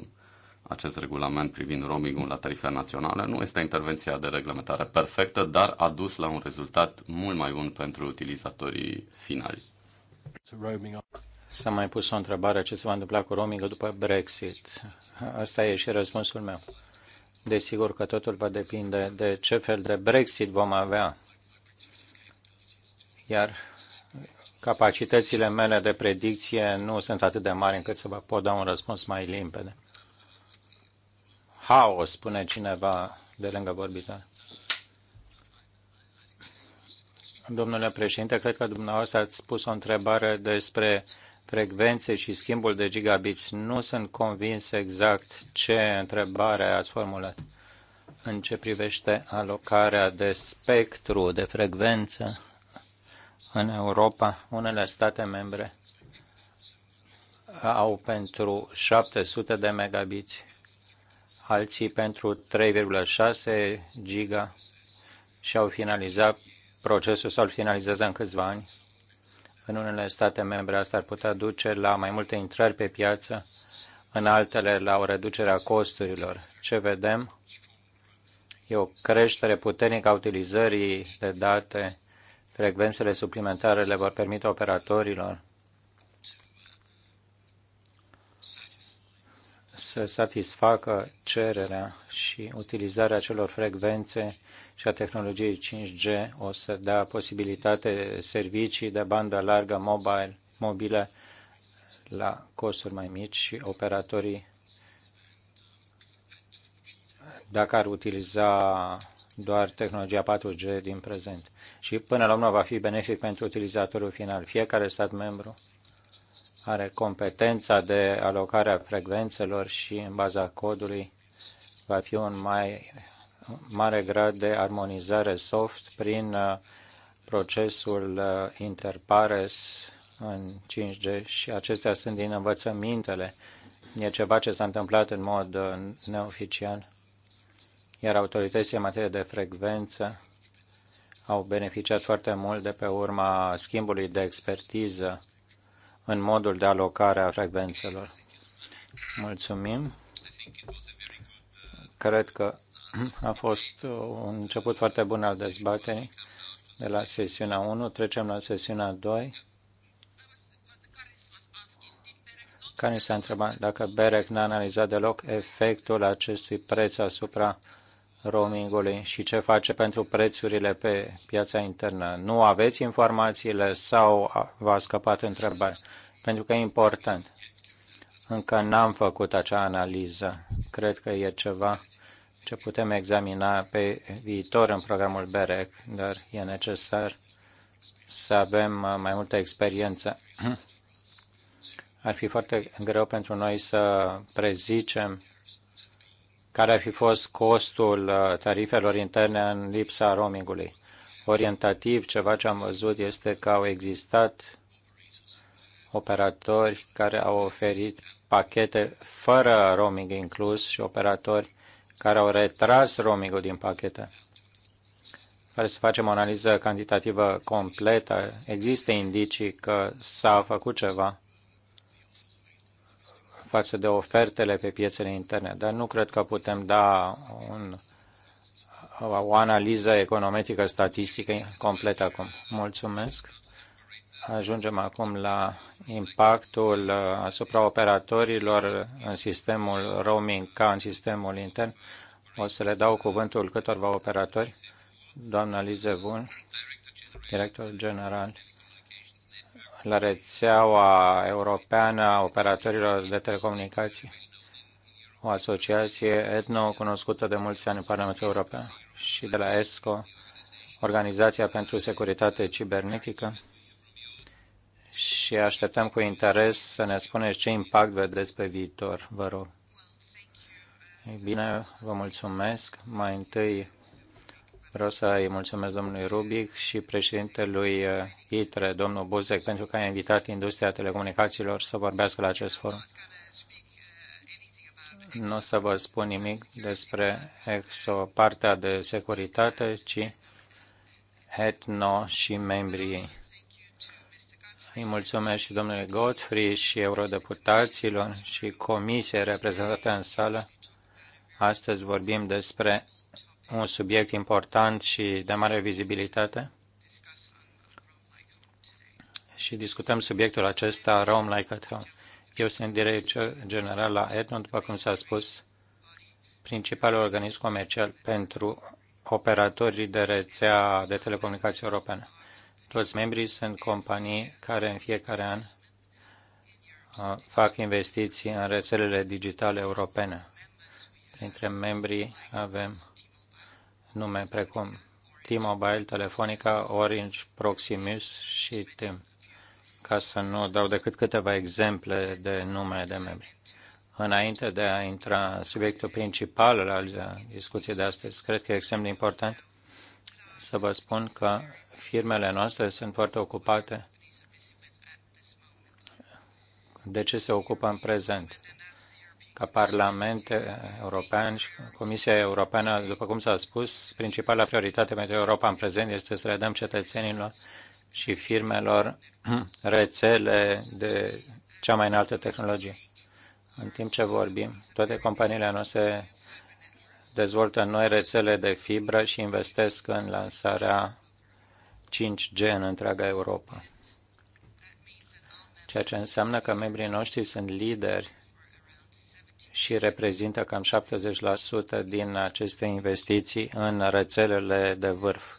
acest regulament privind roamingul la tarife naționale nu este intervenția de reglementare perfectă, dar a dus la un rezultat mult mai bun pentru utilizatorii finali. S-a mai pus o întrebare ce se va întâmpla cu roaming după Brexit. Asta e și răspunsul meu. Desigur că totul va depinde de ce fel de Brexit vom avea. Iar capacitățile mele de predicție nu sunt atât de mari încât să vă pot da un răspuns mai limpede. Haos, spune cineva de lângă vorbitor. Domnule președinte, cred că dumneavoastră ați spus o întrebare despre frecvențe și schimbul de gigabiți. Nu sunt convins exact ce întrebare ați formulat în ce privește alocarea de spectru, de frecvență. În Europa, unele state membre au pentru 700 de megabiți, alții pentru 3,6 giga și au finalizat procesul sau îl finalizează în câțiva ani. În unele state membre asta ar putea duce la mai multe intrări pe piață, în altele la o reducere a costurilor. Ce vedem? E o creștere puternică a utilizării de date Frecvențele suplimentare le vor permite operatorilor să satisfacă cererea și utilizarea celor frecvențe și a tehnologiei 5G o să dea posibilitate servicii de bandă largă mobile, mobile la costuri mai mici și operatorii dacă ar utiliza doar tehnologia 4G din prezent. Și până la urmă va fi benefic pentru utilizatorul final. Fiecare stat membru are competența de alocare a frecvențelor și în baza codului va fi un mai mare grad de armonizare soft prin uh, procesul uh, interpares în 5G și acestea sunt din învățămintele. E ceva ce s-a întâmplat în mod uh, neoficial iar autoritățile în materie de frecvență au beneficiat foarte mult de pe urma schimbului de expertiză în modul de alocare a frecvențelor. Mulțumim. Cred că a fost un început foarte bun al dezbaterii de la sesiunea 1. Trecem la sesiunea 2. Care s-a întrebat dacă BEREC n-a analizat deloc efectul acestui preț asupra roamingului și ce face pentru prețurile pe piața internă. Nu aveți informațiile sau v-a scăpat întrebarea? Pentru că e important. Încă n-am făcut acea analiză. Cred că e ceva ce putem examina pe viitor în programul BEREC, dar e necesar să avem uh, mai multă experiență. Ar fi foarte greu pentru noi să prezicem care ar fi fost costul uh, tarifelor interne în lipsa roamingului. Orientativ, ceva ce am văzut este că au existat operatori care au oferit pachete fără roaming inclus și operatori care au retras roamingul din pachete. Fără să facem o analiză cantitativă completă, există indicii că s-a făcut ceva față de ofertele pe piețele interne, dar nu cred că putem da un, o analiză econometrică, statistică completă acum. Mulțumesc. Ajungem acum la impactul uh, asupra operatorilor în sistemul roaming ca în sistemul intern. O să le dau cuvântul câtorva operatori. Doamna Lize Bun, director general la rețeaua europeană a operatorilor de telecomunicații, o asociație etno cunoscută de mulți ani în Parlamentul European și de la ESCO, Organizația pentru Securitate Cibernetică și așteptăm cu interes să ne spuneți ce impact vedeți pe viitor, vă rog. Ei bine, vă mulțumesc. Mai întâi Vreau să îi mulțumesc domnului Rubic și președintelui uh, ITRE, domnul Buzek, pentru că a invitat industria telecomunicațiilor să vorbească la acest forum. Nu o să vă spun nimic despre EXO, partea de securitate, ci ETNO și membrii ei. Îi mulțumesc și domnului Godfrey și eurodeputaților și comisiei reprezentată în sală. Astăzi vorbim despre un subiect important și de mare vizibilitate. Și discutăm subiectul acesta, Rome Like at Home. Eu sunt director general la Edmond, după cum s-a spus, principalul organism comercial pentru operatorii de rețea de telecomunicații europene. Toți membrii sunt companii care în fiecare an uh, fac investiții în rețelele digitale europene. Printre membrii avem nume precum T-Mobile, Telefonica, Orange, Proximus și TIM, ca să nu dau decât câteva exemple de nume de membri. Înainte de a intra în subiectul principal al discuției de astăzi, cred că e extrem de important să vă spun că firmele noastre sunt foarte ocupate de ce se ocupă în prezent ca Parlament European și Comisia Europeană, după cum s-a spus, principala prioritate pentru Europa în prezent este să redăm cetățenilor și firmelor rețele de cea mai înaltă tehnologie. În timp ce vorbim, toate companiile noastre dezvoltă noi rețele de fibră și investesc în lansarea 5G în întreaga Europa. Ceea ce înseamnă că membrii noștri sunt lideri și reprezintă cam 70% din aceste investiții în rețelele de vârf.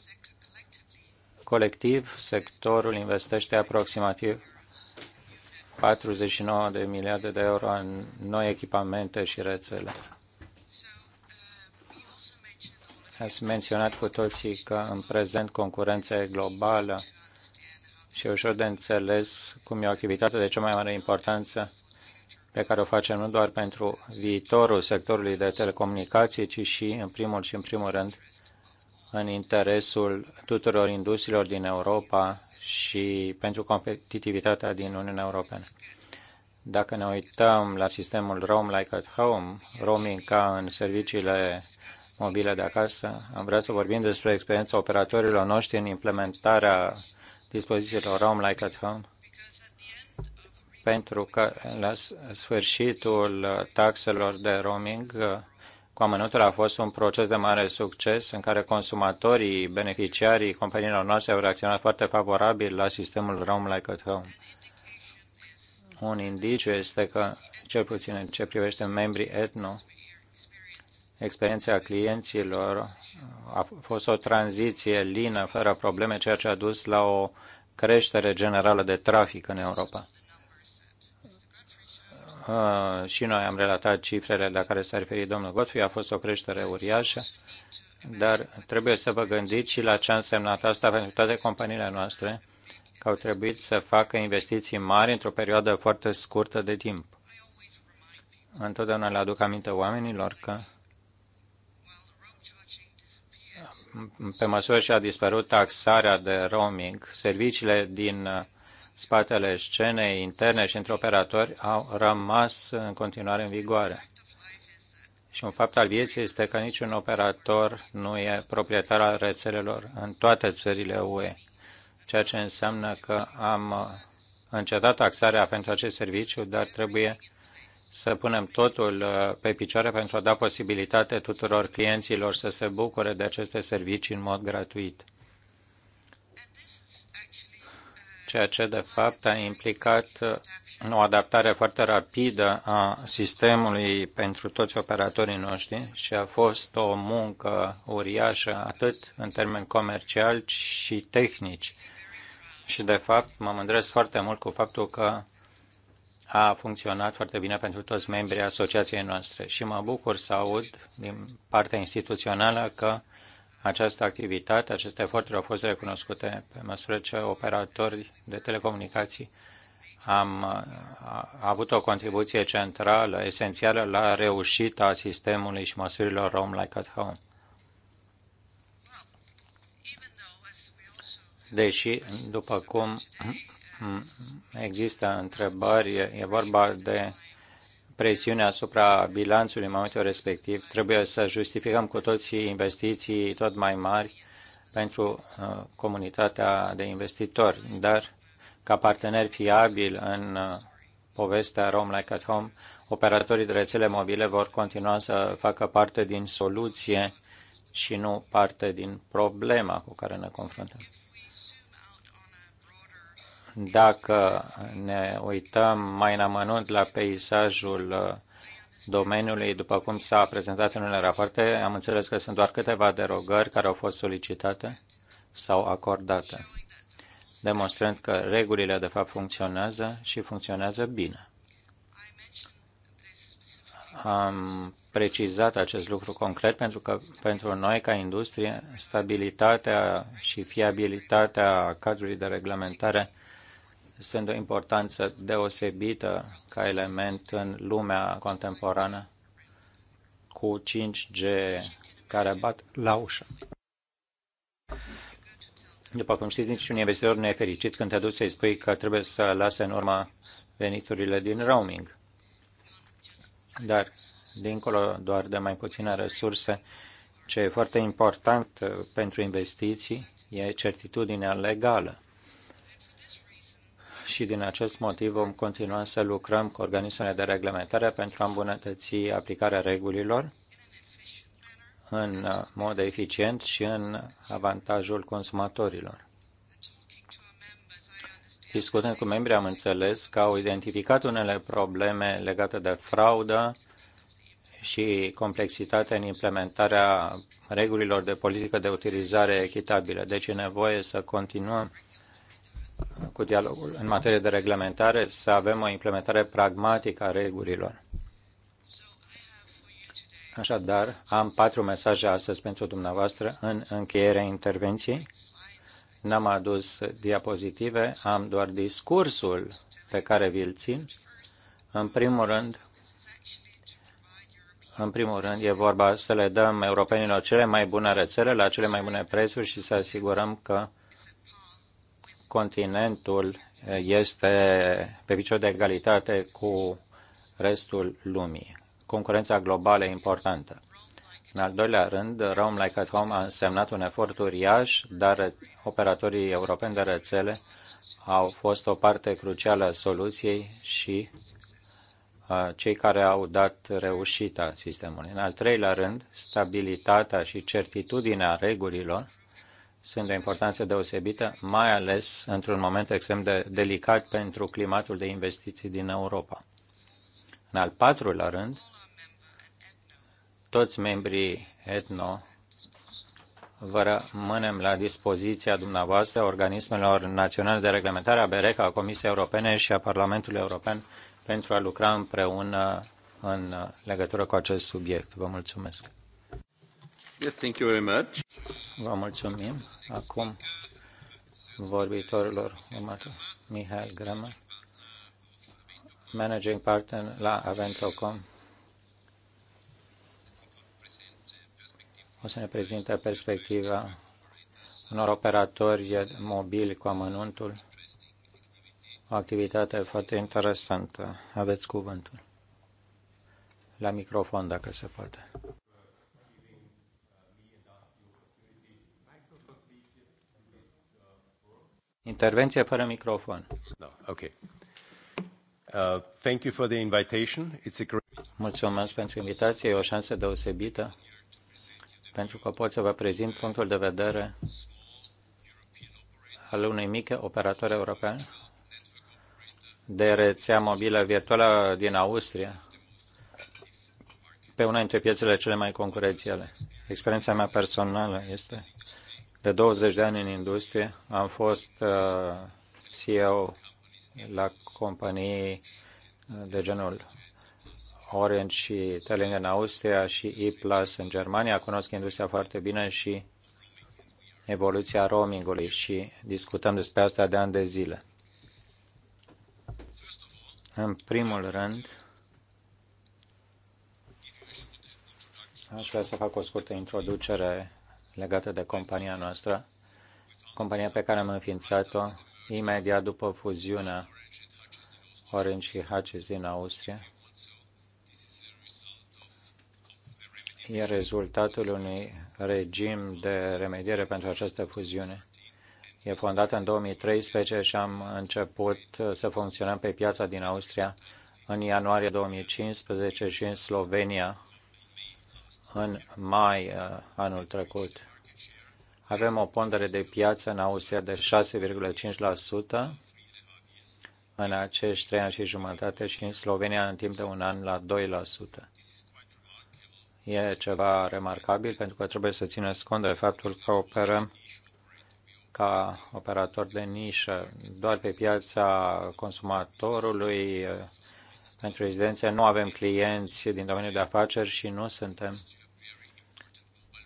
Colectiv, sectorul investește aproximativ 49 de miliarde de euro în noi echipamente și rețele. Ați menționat cu toții că în prezent concurența e globală și e ușor de înțeles cum e o activitate de cea mai mare importanță pe care o facem nu doar pentru viitorul sectorului de telecomunicații, ci și, în primul și în primul rând, în interesul tuturor industriilor din Europa și pentru competitivitatea din Uniunea Europeană. Dacă ne uităm la sistemul Roam Like at Home, roaming ca în serviciile mobile de acasă, am vrea să vorbim despre experiența operatorilor noștri în implementarea dispozițiilor Roam Like at Home pentru că la sfârșitul taxelor de roaming cu amănuntul a fost un proces de mare succes în care consumatorii, beneficiarii companiilor noastre au reacționat foarte favorabil la sistemul Roam Like at Home. Un indiciu este că, cel puțin în ce privește membrii etno, experiența clienților a fost o tranziție lină, fără probleme, ceea ce a dus la o creștere generală de trafic în Europa. Uh, și noi am relatat cifrele la care s-a referit domnul Godfrey, a fost o creștere uriașă, dar trebuie să vă gândiți și la ce a însemnat asta pentru toate companiile noastre, că au trebuit să facă investiții mari într-o perioadă foarte scurtă de timp. Întotdeauna le aduc aminte oamenilor că pe măsură ce a dispărut taxarea de roaming, serviciile din spatele scenei interne și între operatori au rămas în continuare în vigoare. Și un fapt al vieții este că niciun operator nu e proprietar al rețelelor în toate țările UE, ceea ce înseamnă că am încetat taxarea pentru acest serviciu, dar trebuie să punem totul uh, pe picioare pentru a da posibilitate tuturor clienților să se bucure de aceste servicii în mod gratuit. ceea ce de fapt a implicat o adaptare foarte rapidă a sistemului pentru toți operatorii noștri și a fost o muncă uriașă atât în termeni comercial și tehnici. Și de fapt mă mândresc foarte mult cu faptul că a funcționat foarte bine pentru toți membrii asociației noastre și mă bucur să aud din partea instituțională că această activitate, aceste eforturi au fost recunoscute pe măsură ce operatori de telecomunicații am a avut o contribuție centrală, esențială la reușita sistemului și măsurilor Rome Like at Home. Deși, după cum există întrebări, e vorba de presiune asupra bilanțului în momentul respectiv. Trebuie să justificăm cu toții investiții tot mai mari pentru uh, comunitatea de investitori, dar ca partener fiabil în uh, povestea Rome Like at Home, operatorii de rețele mobile vor continua să facă parte din soluție și nu parte din problema cu care ne confruntăm. Dacă ne uităm mai în amănunt la peisajul uh, domeniului, după cum s-a prezentat în unele rapoarte, am înțeles că sunt doar câteva derogări care au fost solicitate sau acordate, demonstrând că regulile de fapt funcționează și funcționează bine. Am precizat acest lucru concret pentru că pentru noi ca industrie stabilitatea și fiabilitatea cadrului de reglementare sunt o importanță deosebită ca element în lumea contemporană cu 5G care bat la ușă. După cum știți, un investitor nu e fericit când te duci să-i spui că trebuie să lase în urmă veniturile din roaming. Dar, dincolo doar de mai puține resurse, ce e foarte important pentru investiții e certitudinea legală și din acest motiv vom continua să lucrăm cu organismele de reglementare pentru a îmbunătăți aplicarea regulilor în mod eficient și în avantajul consumatorilor. Discutând cu membrii, am înțeles că au identificat unele probleme legate de fraudă și complexitatea în implementarea regulilor de politică de utilizare echitabilă. Deci e nevoie să continuăm cu dialogul în materie de reglementare, să avem o implementare pragmatică a regulilor. Așadar, am patru mesaje astăzi pentru dumneavoastră în încheierea intervenției. N-am adus diapozitive, am doar discursul pe care vi-l țin. În primul rând, în primul rând, e vorba să le dăm europenilor cele mai bune rețele la cele mai bune prețuri și să asigurăm că continentul este pe picior de egalitate cu restul lumii. Concurența globală e importantă. În al doilea rând, Roam Like at Home a însemnat un efort uriaș, dar operatorii europeni de rețele au fost o parte crucială a soluției și uh, cei care au dat reușita sistemului. În al treilea rând, stabilitatea și certitudinea regulilor sunt de importanță deosebită, mai ales într-un moment extrem de delicat pentru climatul de investiții din Europa. În al patrulea rând, toți membrii etno vă rămânem la dispoziția dumneavoastră organismelor naționale de reglementare a BEREC, a Comisiei Europene și a Parlamentului European pentru a lucra împreună în legătură cu acest subiect. Vă mulțumesc! Vă mulțumim. Acum vorbitorilor următor. Mihai Grămă, managing partner la Aventocom. O să ne prezinte perspectiva unor operatori mobili cu amănuntul. O activitate foarte interesantă. Aveți cuvântul. La microfon, dacă se poate. Intervenție fără microfon. No, ok. Uh, thank you for the invitation. It's a great... Mulțumesc pentru invitație, e o șansă deosebită pentru că pot să vă prezint punctul de vedere al unei mică operator european de rețea mobilă virtuală din Austria pe una dintre piețele cele mai concurențiale. Experiența mea personală este de 20 de ani în industrie am fost uh, CEO la companii de genul Orange și Telling în Austria și E-Plus în Germania. Cunosc industria foarte bine și evoluția roamingului și discutăm despre asta de ani de zile. În primul rând, aș vrea să fac o scurtă introducere legată de compania noastră, compania pe care am înființat-o imediat după fuziunea Orange și Hutchins din Austria. E rezultatul unui regim de remediere pentru această fuziune. E fondată în 2013 și am început să funcționăm pe piața din Austria în ianuarie 2015 și în Slovenia în mai uh, anul trecut. Avem o pondere de piață în Austria de 6,5% în acești trei ani și jumătate și în Slovenia în timp de un an la 2%. E ceva remarcabil pentru că trebuie să țineți cont de faptul că operăm ca operator de nișă doar pe piața consumatorului, pentru rezidențe, nu avem clienți din domeniul de afaceri și nu suntem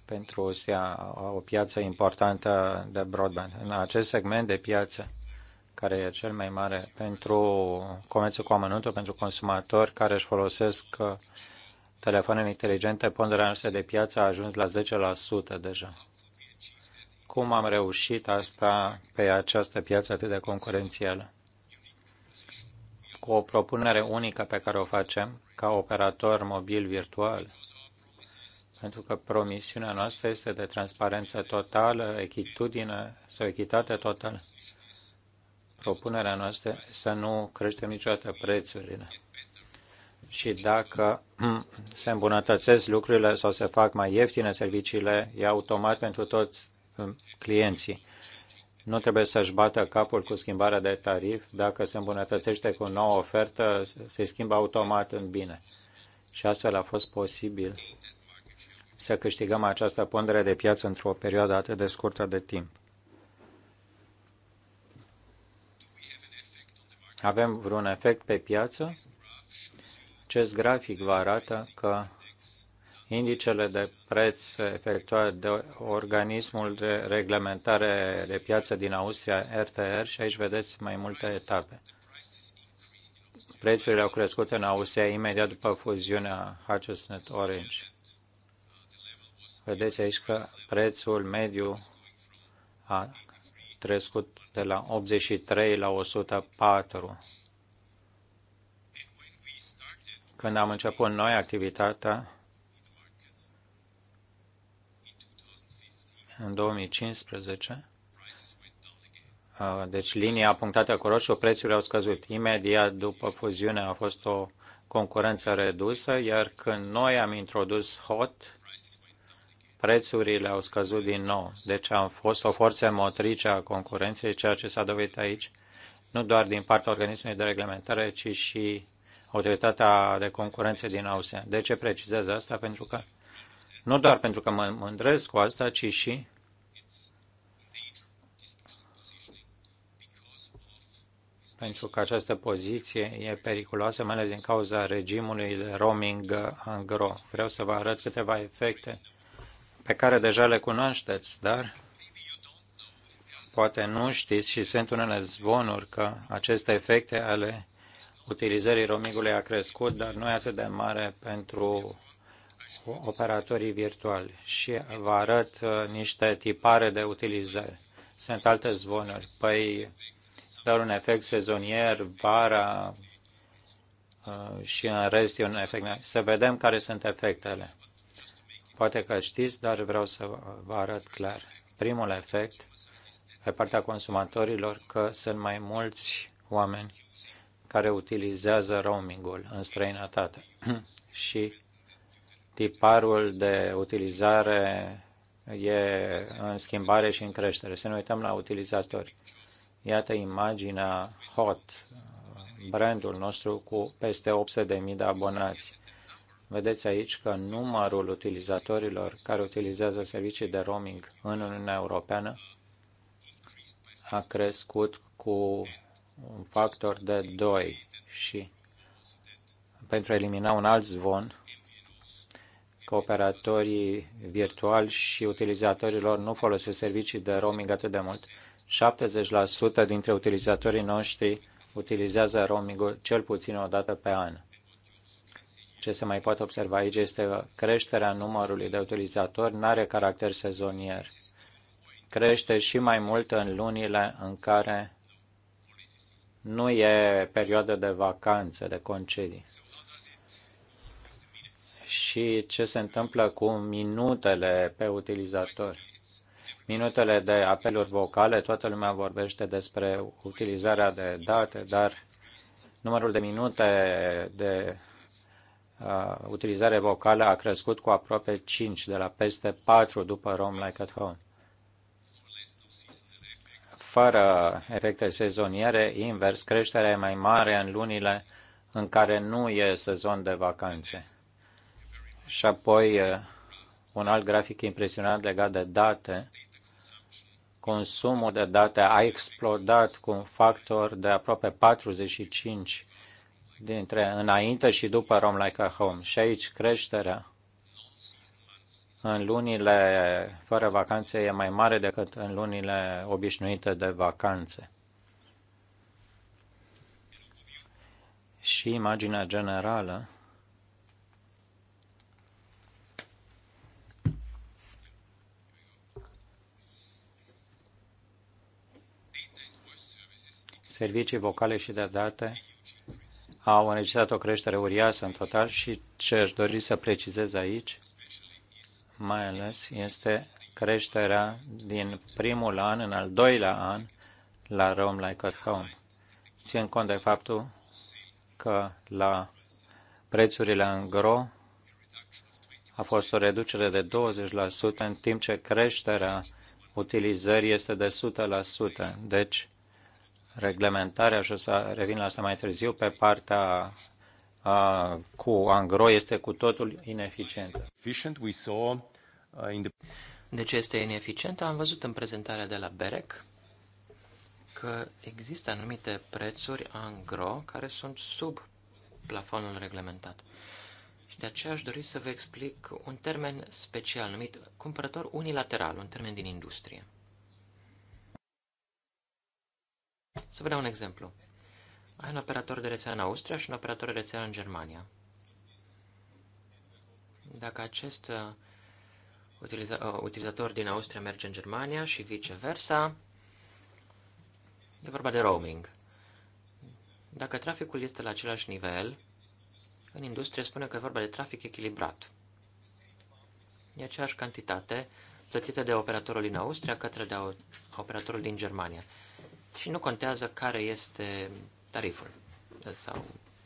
pentru Rusia o piață importantă de broadband. În acest segment de piață, care e cel mai mare pentru comerțul cu amănuntul, pentru consumatori care își folosesc uh, telefoanele inteligente, ponderea noastră de piață a ajuns la 10% deja. Cum am reușit asta pe această piață atât de concurențială? cu o propunere unică pe care o facem ca operator mobil virtual, pentru că promisiunea noastră este de transparență totală, echitudine sau echitate totală. Propunerea noastră să nu creștem niciodată prețurile. Și dacă se îmbunătățesc lucrurile sau se fac mai ieftine serviciile, e automat pentru toți um, clienții nu trebuie să-și bată capul cu schimbarea de tarif. Dacă se îmbunătățește cu o nouă ofertă, se schimbă automat în bine. Și astfel a fost posibil să câștigăm această pondere de piață într-o perioadă atât de scurtă de timp. Avem vreun efect pe piață? Acest grafic vă arată că indicele de preț efectuat de organismul de reglementare de piață din Austria, RTR, și aici vedeți mai multe etape. Prețurile au crescut în Austria imediat după fuziunea Hutchison Orange. Vedeți aici că prețul mediu a crescut de la 83 la 104. Când am început noi activitatea, în 2015, deci linia punctată cu roșu, prețurile au scăzut. Imediat după fuziune a fost o concurență redusă, iar când noi am introdus HOT, prețurile au scăzut din nou. Deci am fost o forță motrice a concurenței, ceea ce s-a dovedit aici, nu doar din partea organismului de reglementare, ci și autoritatea de concurență din Austria. De ce precizez asta? Pentru că, nu doar pentru că mă mândresc cu asta, ci și pentru că această poziție e periculoasă, mai ales din cauza regimului de roaming angro. Vreau să vă arăt câteva efecte pe care deja le cunoașteți, dar poate nu știți și sunt unele zvonuri că aceste efecte ale utilizării roamingului a crescut, dar nu e atât de mare pentru operatorii virtuali. Și vă arăt uh, niște tipare de utilizare. Sunt alte zvonuri. Păi doar un efect sezonier, vara uh, și în rest e un efect. Să vedem care sunt efectele. Poate că știți, dar vreau să vă arăt clar. Primul efect pe partea consumatorilor că sunt mai mulți oameni care utilizează roamingul în străinătate și tiparul de utilizare e în schimbare și în creștere. Să ne uităm la utilizatori. Iată imaginea HOT, brandul nostru cu peste 800.000 de abonați. Vedeți aici că numărul utilizatorilor care utilizează servicii de roaming în Uniunea Europeană a crescut cu un factor de 2 și pentru a elimina un alt zvon, cooperatorii operatorii virtuali și utilizatorilor nu folosesc servicii de roaming atât de mult, 70% dintre utilizatorii noștri utilizează roamingul cel puțin o dată pe an. Ce se mai poate observa aici este că creșterea numărului de utilizatori nu are caracter sezonier. Crește și mai mult în lunile în care nu e perioadă de vacanță, de concedii. Și ce se întâmplă cu minutele pe utilizatori? minutele de apeluri vocale, toată lumea vorbește despre utilizarea de date, dar numărul de minute de uh, utilizare vocală a crescut cu aproape 5, de la peste 4 după Rome Like at Home. Fără efecte sezoniere, invers, creșterea e mai mare în lunile în care nu e sezon de vacanțe. Și apoi, uh, un alt grafic impresionant legat de date, consumul de date a explodat cu un factor de aproape 45 dintre înainte și după Rome Like a Home. Și aici creșterea în lunile fără vacanțe e mai mare decât în lunile obișnuite de vacanțe. Și imaginea generală servicii vocale și de date au înregistrat o creștere uriașă în total și ce aș dori să precizez aici, mai ales, este creșterea din primul an în al doilea an la Rome Like at Home. Țin cont de faptul că la prețurile în gro a fost o reducere de 20%, în timp ce creșterea utilizării este de 100%. Deci, reglementarea, și o să revin la asta mai târziu, pe partea a, cu angro este cu totul ineficientă. De ce este ineficientă? Am văzut în prezentarea de la BEREC că există anumite prețuri angro care sunt sub plafonul reglementat. Și de aceea aș dori să vă explic un termen special numit cumpărător unilateral, un termen din industrie. Să vă dau un exemplu. Ai un operator de rețea în Austria și un operator de rețea în Germania. Dacă acest uh, utiliza, uh, utilizator din Austria merge în Germania și viceversa, e vorba de roaming. Dacă traficul este la același nivel, în industrie spune că e vorba de trafic echilibrat. E aceeași cantitate plătită de operatorul din Austria către de operatorul din Germania și nu contează care este tariful sau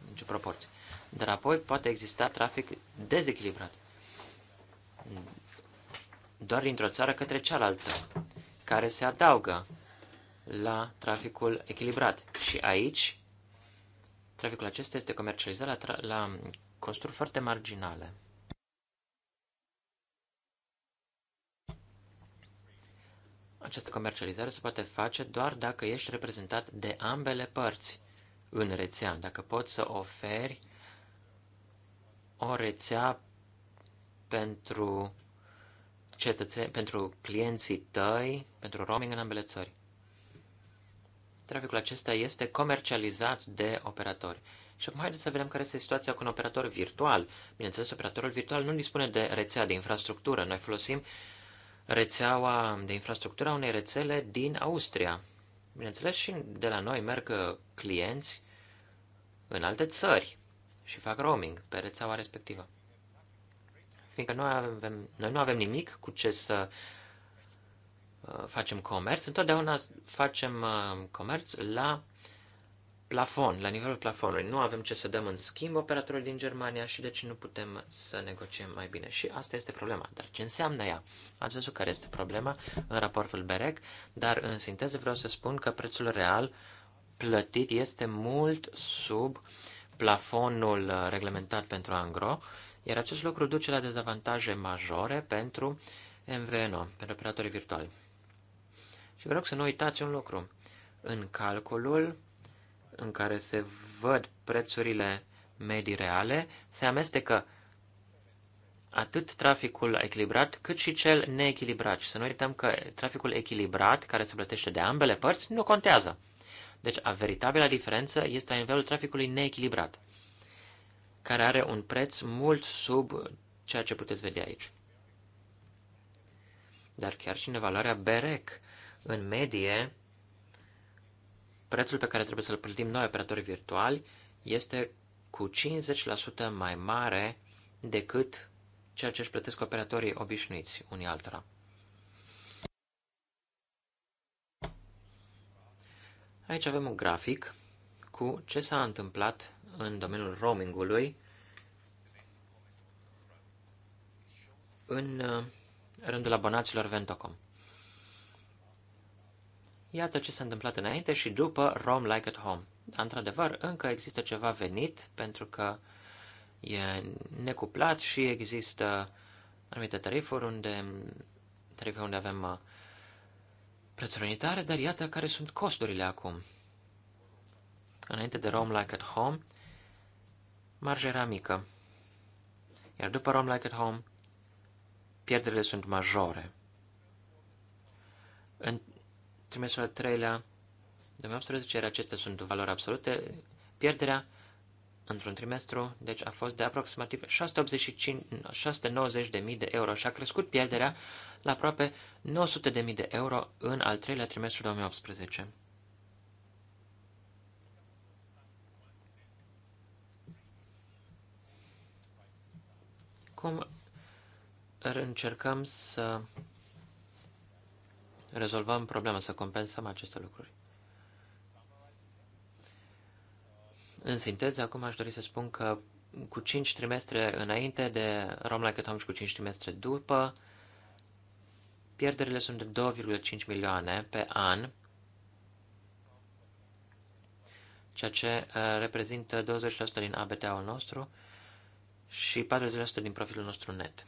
în ce proporție. Dar apoi poate exista trafic dezechilibrat. Doar dintr-o țară către cealaltă, care se adaugă la traficul echilibrat. Și aici, traficul acesta este comercializat la, la costuri foarte marginale. Această comercializare se poate face doar dacă ești reprezentat de ambele părți în rețea, dacă poți să oferi o rețea pentru, cetățe, pentru clienții tăi, pentru roaming în ambele țări. Traficul acesta este comercializat de operatori. Și acum haideți să vedem care este situația cu un operator virtual. Bineînțeles, operatorul virtual nu dispune de rețea, de infrastructură. Noi folosim uh, rețeaua de infrastructură a unei rețele din Austria. Bineînțeles, și de la noi merg clienți în alte țări și fac roaming pe rețeaua respectivă. Fiindcă noi, avem, noi nu avem nimic cu ce să uh, facem comerț, întotdeauna facem uh, comerț la plafon, la nivelul plafonului. Nu avem ce să dăm în schimb operatorul din Germania și deci nu putem să negociem mai bine. Și asta este problema. Dar ce înseamnă ea? Ați văzut care este problema în raportul BEREC, dar în sinteză vreau să spun că prețul real plătit este mult sub plafonul uh, reglementat pentru Angro, iar acest lucru duce la dezavantaje majore pentru MVNO, pentru operatorii virtuali. Și vreau să nu uitați un lucru. În calculul în care se văd prețurile medii reale, se amestecă atât traficul echilibrat cât și cel neechilibrat. Și să nu uităm că traficul echilibrat, care se plătește de ambele părți, nu contează. Deci, a veritabila diferență este la nivelul traficului neechilibrat, care are un preț mult sub ceea ce puteți vedea aici. Dar chiar și în valoarea BEREC, în medie, prețul pe care trebuie să-l plătim noi, operatorii virtuali, este cu 50% mai mare decât ceea ce își plătesc operatorii obișnuiți unii altora. Aici avem un grafic cu ce s-a întâmplat în domeniul roamingului în uh, rândul abonaților Ventocom. Iată ce s-a întâmplat înainte și după Rome Like at Home. Într-adevăr, încă există ceva venit pentru că e necuplat și există anumite tarifuri unde, tarife unde avem uh, prețuri unitare, dar iată care sunt costurile acum. Înainte de Rome Like at Home, marja era mică, iar după Rome Like at Home, pierderile sunt majore. În trimestrul al treilea 2018, iar acestea sunt valori absolute, pierderea într-un trimestru, deci a fost de aproximativ 685, 690.000 de euro și a crescut pierderea la aproape 900.000 de euro în al treilea trimestru 2018. Cum încercăm să rezolvăm problema, să compensăm aceste lucruri. În sinteză, acum aș dori să spun că cu cinci trimestre înainte de Rom Like at Home și cu cinci trimestre după, pierderile sunt de 2,5 milioane pe an, ceea ce uh, reprezintă 20% din ABT-ul nostru și 40% din profilul nostru net.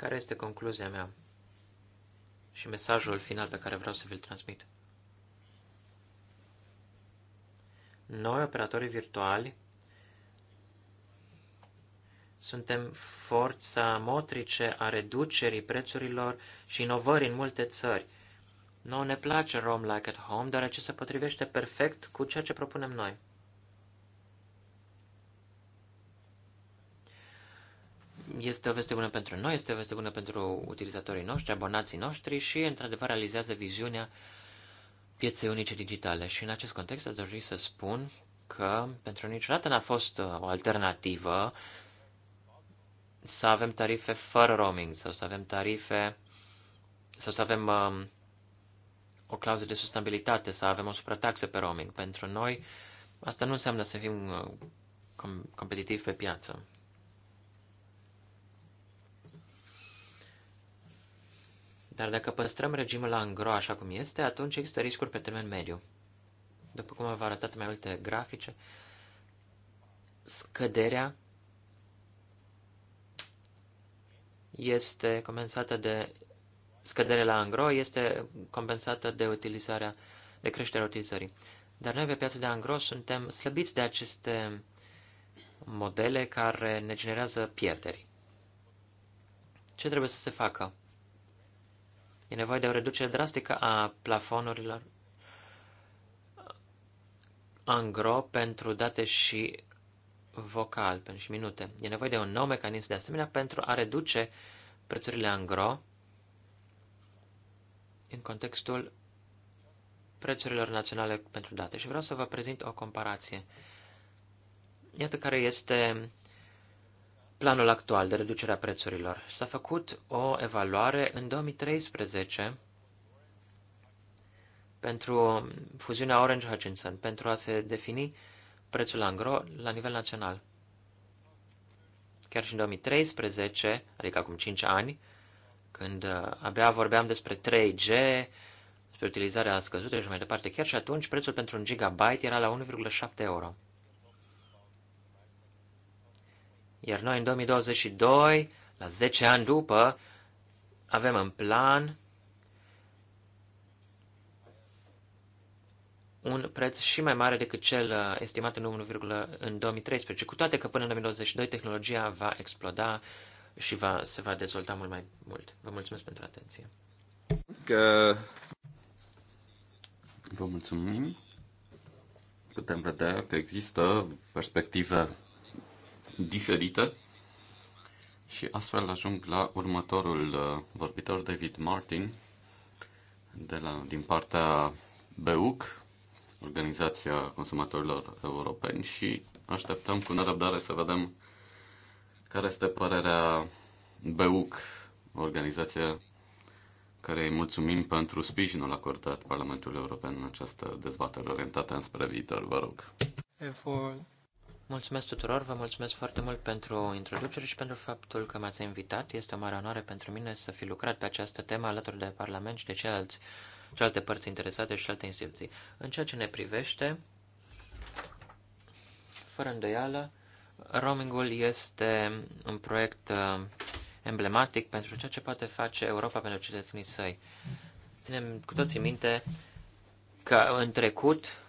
Care este concluzia mea și mesajul final pe care vreau să vi-l transmit? Noi, operatorii virtuali, suntem forța motrice a reducerii prețurilor și inovării în multe țări. Nu ne place Rome Like at Home, deoarece se potrivește perfect cu ceea ce propunem noi. Este o veste bună pentru noi, este o veste bună pentru utilizatorii noștri, abonații noștri și, într-adevăr, realizează viziunea pieței unice digitale. Și în acest context aș dori să spun că pentru niciodată n-a fost uh, o alternativă să avem tarife fără roaming sau să avem tarife sau să avem um, o clauză de sustenabilitate, să avem o suprataxă pe roaming. Pentru noi asta nu înseamnă să fim uh, competitivi pe piață. Dar dacă păstrăm regimul la îngro așa cum este, atunci există riscuri pe termen mediu. După cum v-am arătat mai multe grafice, scăderea este compensată de scăderea la îngro este compensată de utilizarea, de creșterea utilizării. Dar noi pe piața de angro suntem slăbiți de aceste modele care ne generează pierderi. Ce trebuie să se facă? E nevoie de o reducere drastică a plafonurilor angro pentru date și vocal, pentru și minute. E nevoie de un nou mecanism de asemenea pentru a reduce prețurile angro în contextul prețurilor naționale pentru date. Și vreau să vă prezint o comparație. Iată care este planul actual de reducere a prețurilor. S-a făcut o evaluare în 2013 pentru fuziunea Orange-Hutchinson, pentru a se defini prețul îngro la nivel național. Chiar și în 2013, adică acum 5 ani, când uh, abia vorbeam despre 3G, despre utilizarea scăzută și mai departe, chiar și atunci prețul pentru un gigabyte era la 1,7 euro. Iar noi în 2022, la 10 ani după, avem în plan un preț și mai mare decât cel uh, estimat în 1, în 2013, cu toate că până în 2022 tehnologia va exploda și va, se va dezvolta mult mai mult. Vă mulțumesc pentru atenție. Că... Vă mulțumim. Putem vedea că există perspectivă diferite și astfel ajung la următorul uh, vorbitor, David Martin, de la, din partea BEUC, Organizația Consumatorilor Europeni și așteptăm cu nerăbdare să vedem care este părerea BEUC, organizația care îi mulțumim pentru sprijinul acordat Parlamentului European în această dezbatere orientată înspre viitor. Vă rog. Efort. Mulțumesc tuturor, vă mulțumesc foarte mult pentru introducere și pentru faptul că m-ați invitat. Este o mare onoare pentru mine să fi lucrat pe această temă alături de Parlament și de ceilalți, celelalte părți interesate și alte instituții. În ceea ce ne privește, fără îndoială, roamingul este un proiect uh, emblematic pentru ceea ce poate face Europa pentru cetățenii săi. Ținem cu toții minte că în trecut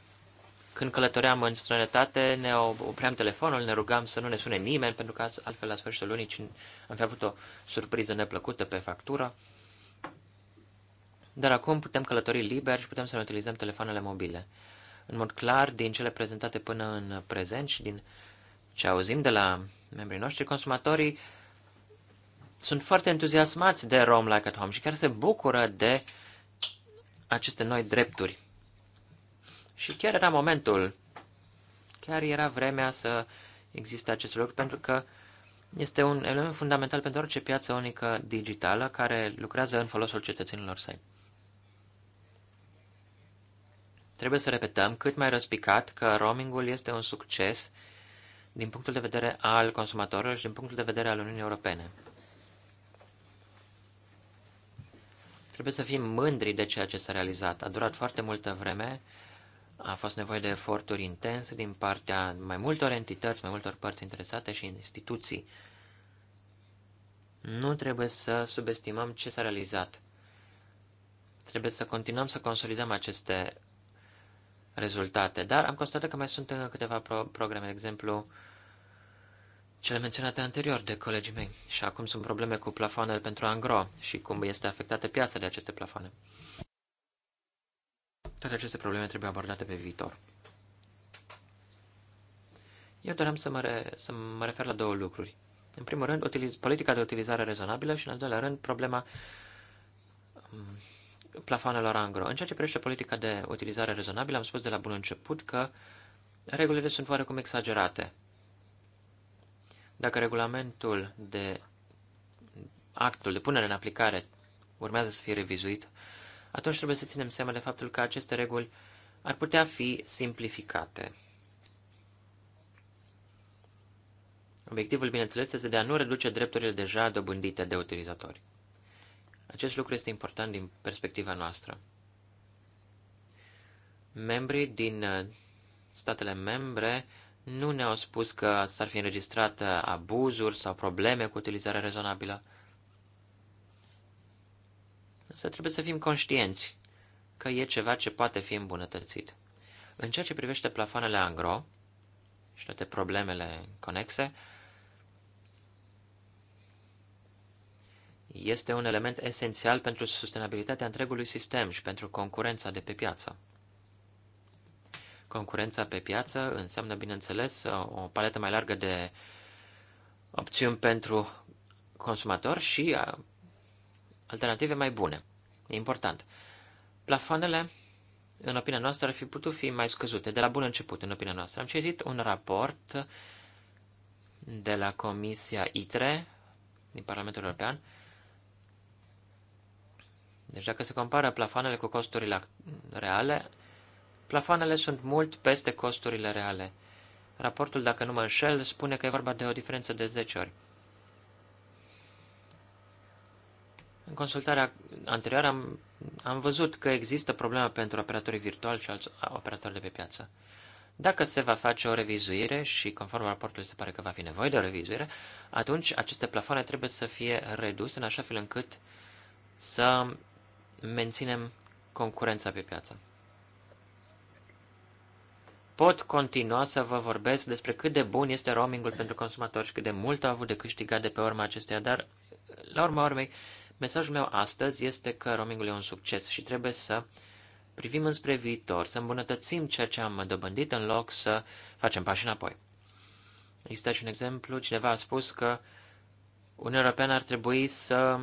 când călătoream în străinătate, ne opream telefonul, ne rugam să nu ne sune nimeni, pentru că altfel la sfârșitul lunii am fi avut o surpriză neplăcută pe factură. Dar acum putem călători liber și putem să ne utilizăm telefoanele mobile. În mod clar, din cele prezentate până în prezent și din ce auzim de la membrii noștri, consumatorii sunt foarte entuziasmați de Rome Like at Home și chiar se bucură de aceste noi drepturi. Și chiar era momentul, chiar era vremea să existe acest lucru, pentru că este un element fundamental pentru orice piață unică digitală care lucrează în folosul cetățenilor săi. Trebuie să repetăm cât mai răspicat că roamingul este un succes din punctul de vedere al consumatorilor și din punctul de vedere al Uniunii Europene. Trebuie să fim mândri de ceea ce s-a realizat. A durat foarte multă vreme a fost nevoie de eforturi intense din partea mai multor entități, mai multor părți interesate și instituții. Nu trebuie să subestimăm ce s-a realizat. Trebuie să continuăm să consolidăm aceste rezultate, dar am constatat că mai sunt încă câteva pro- programe, de exemplu, cele menționate anterior de colegii mei. Și acum sunt probleme cu plafoanele pentru angro și cum este afectată piața de aceste plafoane. Toate aceste probleme trebuie abordate pe viitor. Eu doream să mă, re, să mă refer la două lucruri. În primul rând, utiliz, politica de utilizare rezonabilă și, în al doilea rând, problema um, mm, plafonelor angro. În ceea ce privește politica de utilizare rezonabilă, am spus de la bun început că regulile sunt oarecum exagerate. Dacă regulamentul de actul de punere în aplicare urmează să fie revizuit atunci trebuie să ținem seama de faptul că aceste reguli ar putea fi simplificate. Obiectivul, bineînțeles, este de a nu reduce drepturile deja dobândite de utilizatori. Acest lucru este important din perspectiva noastră. Membrii din uh, statele membre nu ne-au spus că s-ar fi înregistrat uh, abuzuri sau probleme cu utilizarea rezonabilă. Însă trebuie să fim conștienți că e ceva ce poate fi îmbunătățit. În ceea ce privește plafoanele angro și toate problemele conexe, este un element esențial pentru sustenabilitatea întregului sistem și pentru concurența de pe piață. Concurența pe piață înseamnă, bineînțeles, o paletă mai largă de opțiuni pentru consumator și alternative mai bune. E important. Plafoanele, în opinia noastră, ar fi putut fi mai scăzute de la bun început, în opinia noastră. Am citit un raport de la Comisia ITRE din Parlamentul European. Deci dacă se compară plafoanele cu costurile reale, plafoanele sunt mult peste costurile reale. Raportul, dacă nu mă înșel, spune că e vorba de o diferență de 10 ori. În consultarea anterioară am, am văzut că există problema pentru operatorii virtuali și alți operatori de pe piață. Dacă se va face o revizuire și conform raportului se pare că va fi nevoie de o revizuire, atunci aceste plafoane trebuie să fie reduse în așa fel încât să menținem concurența pe piață. Pot continua să vă vorbesc despre cât de bun este roamingul pentru consumatori și cât de mult au avut de câștigat de pe urma acesteia, dar la urma urmei Mesajul meu astăzi este că roamingul e un succes și trebuie să privim înspre viitor, să îmbunătățim ceea ce am dobândit în loc să facem pași înapoi. Există și un exemplu, cineva a spus că Uniunea Europeană ar trebui să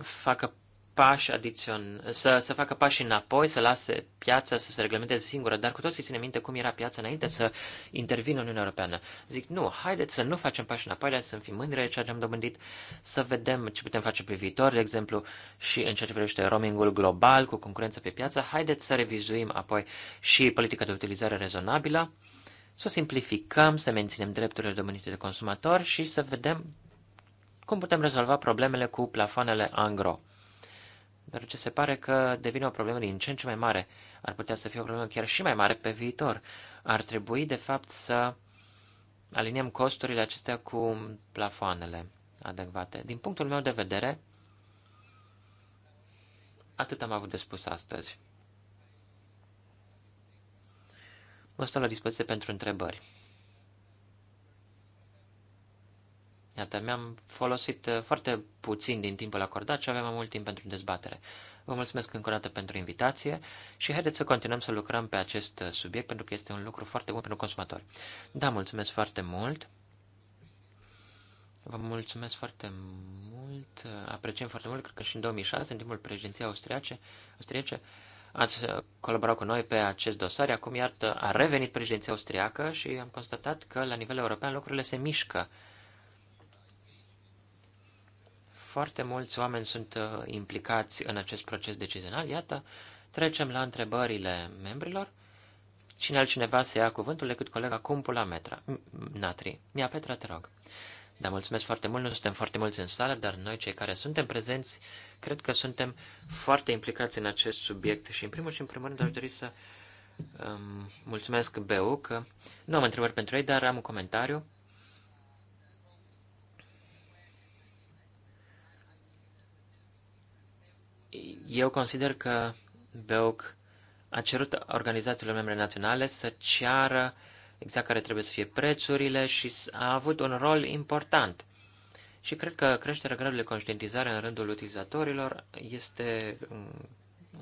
facă pași adițion, să, să facă pași înapoi, să lase piața să se reglementeze singură, dar cu toții ține minte cum era piața înainte să intervină Uniunea Europeană. Zic, nu, haideți să nu facem pași înapoi, dar să fim mândri de ceea ce am dobândit, să vedem ce putem face pe viitor, de exemplu, și în ceea ce privește roamingul global cu concurență pe piață, haideți să revizuim apoi și politica de utilizare rezonabilă, să o simplificăm, să menținem drepturile domnite de consumatori și să vedem cum putem rezolva problemele cu plafoanele angro dar ce se pare că devine o problemă din ce în ce mai mare. Ar putea să fie o problemă chiar și mai mare pe viitor. Ar trebui, de fapt, să aliniem costurile acestea cu plafoanele adecvate. Din punctul meu de vedere, atât am avut de spus astăzi. Vă stau la dispoziție pentru întrebări. Iată, mi-am folosit uh, foarte puțin din timpul acordat și avem mai mult timp pentru dezbatere. Vă mulțumesc încă o dată pentru invitație și haideți să continuăm să lucrăm pe acest uh, subiect pentru că este un lucru foarte bun pentru consumatori. Da, mulțumesc foarte mult. Vă mulțumesc foarte mult, uh, apreciem foarte mult, cred că și în 2006, în timpul președinției austriace, austriace ați colaborat cu noi pe acest dosar, acum iartă a revenit președinția austriacă și am constatat că la nivel european lucrurile se mișcă. Foarte mulți oameni sunt uh, implicați în acest proces decizional. Iată, trecem la întrebările membrilor. Cine altcineva să ia cuvântul decât colega Cumpula Metra, Natri. Mia Petra, te rog. Da, mulțumesc foarte mult, nu suntem foarte mulți în sală, dar noi cei care suntem prezenți, cred că suntem foarte implicați în acest subiect și în primul și în primul rând aș dori să um, mulțumesc BU că nu am întrebări pentru ei, dar am un comentariu. eu consider că Beuc a cerut organizațiilor membre naționale să ceară exact care trebuie să fie prețurile și a avut un rol important. Și cred că creșterea gradului de conștientizare în rândul utilizatorilor este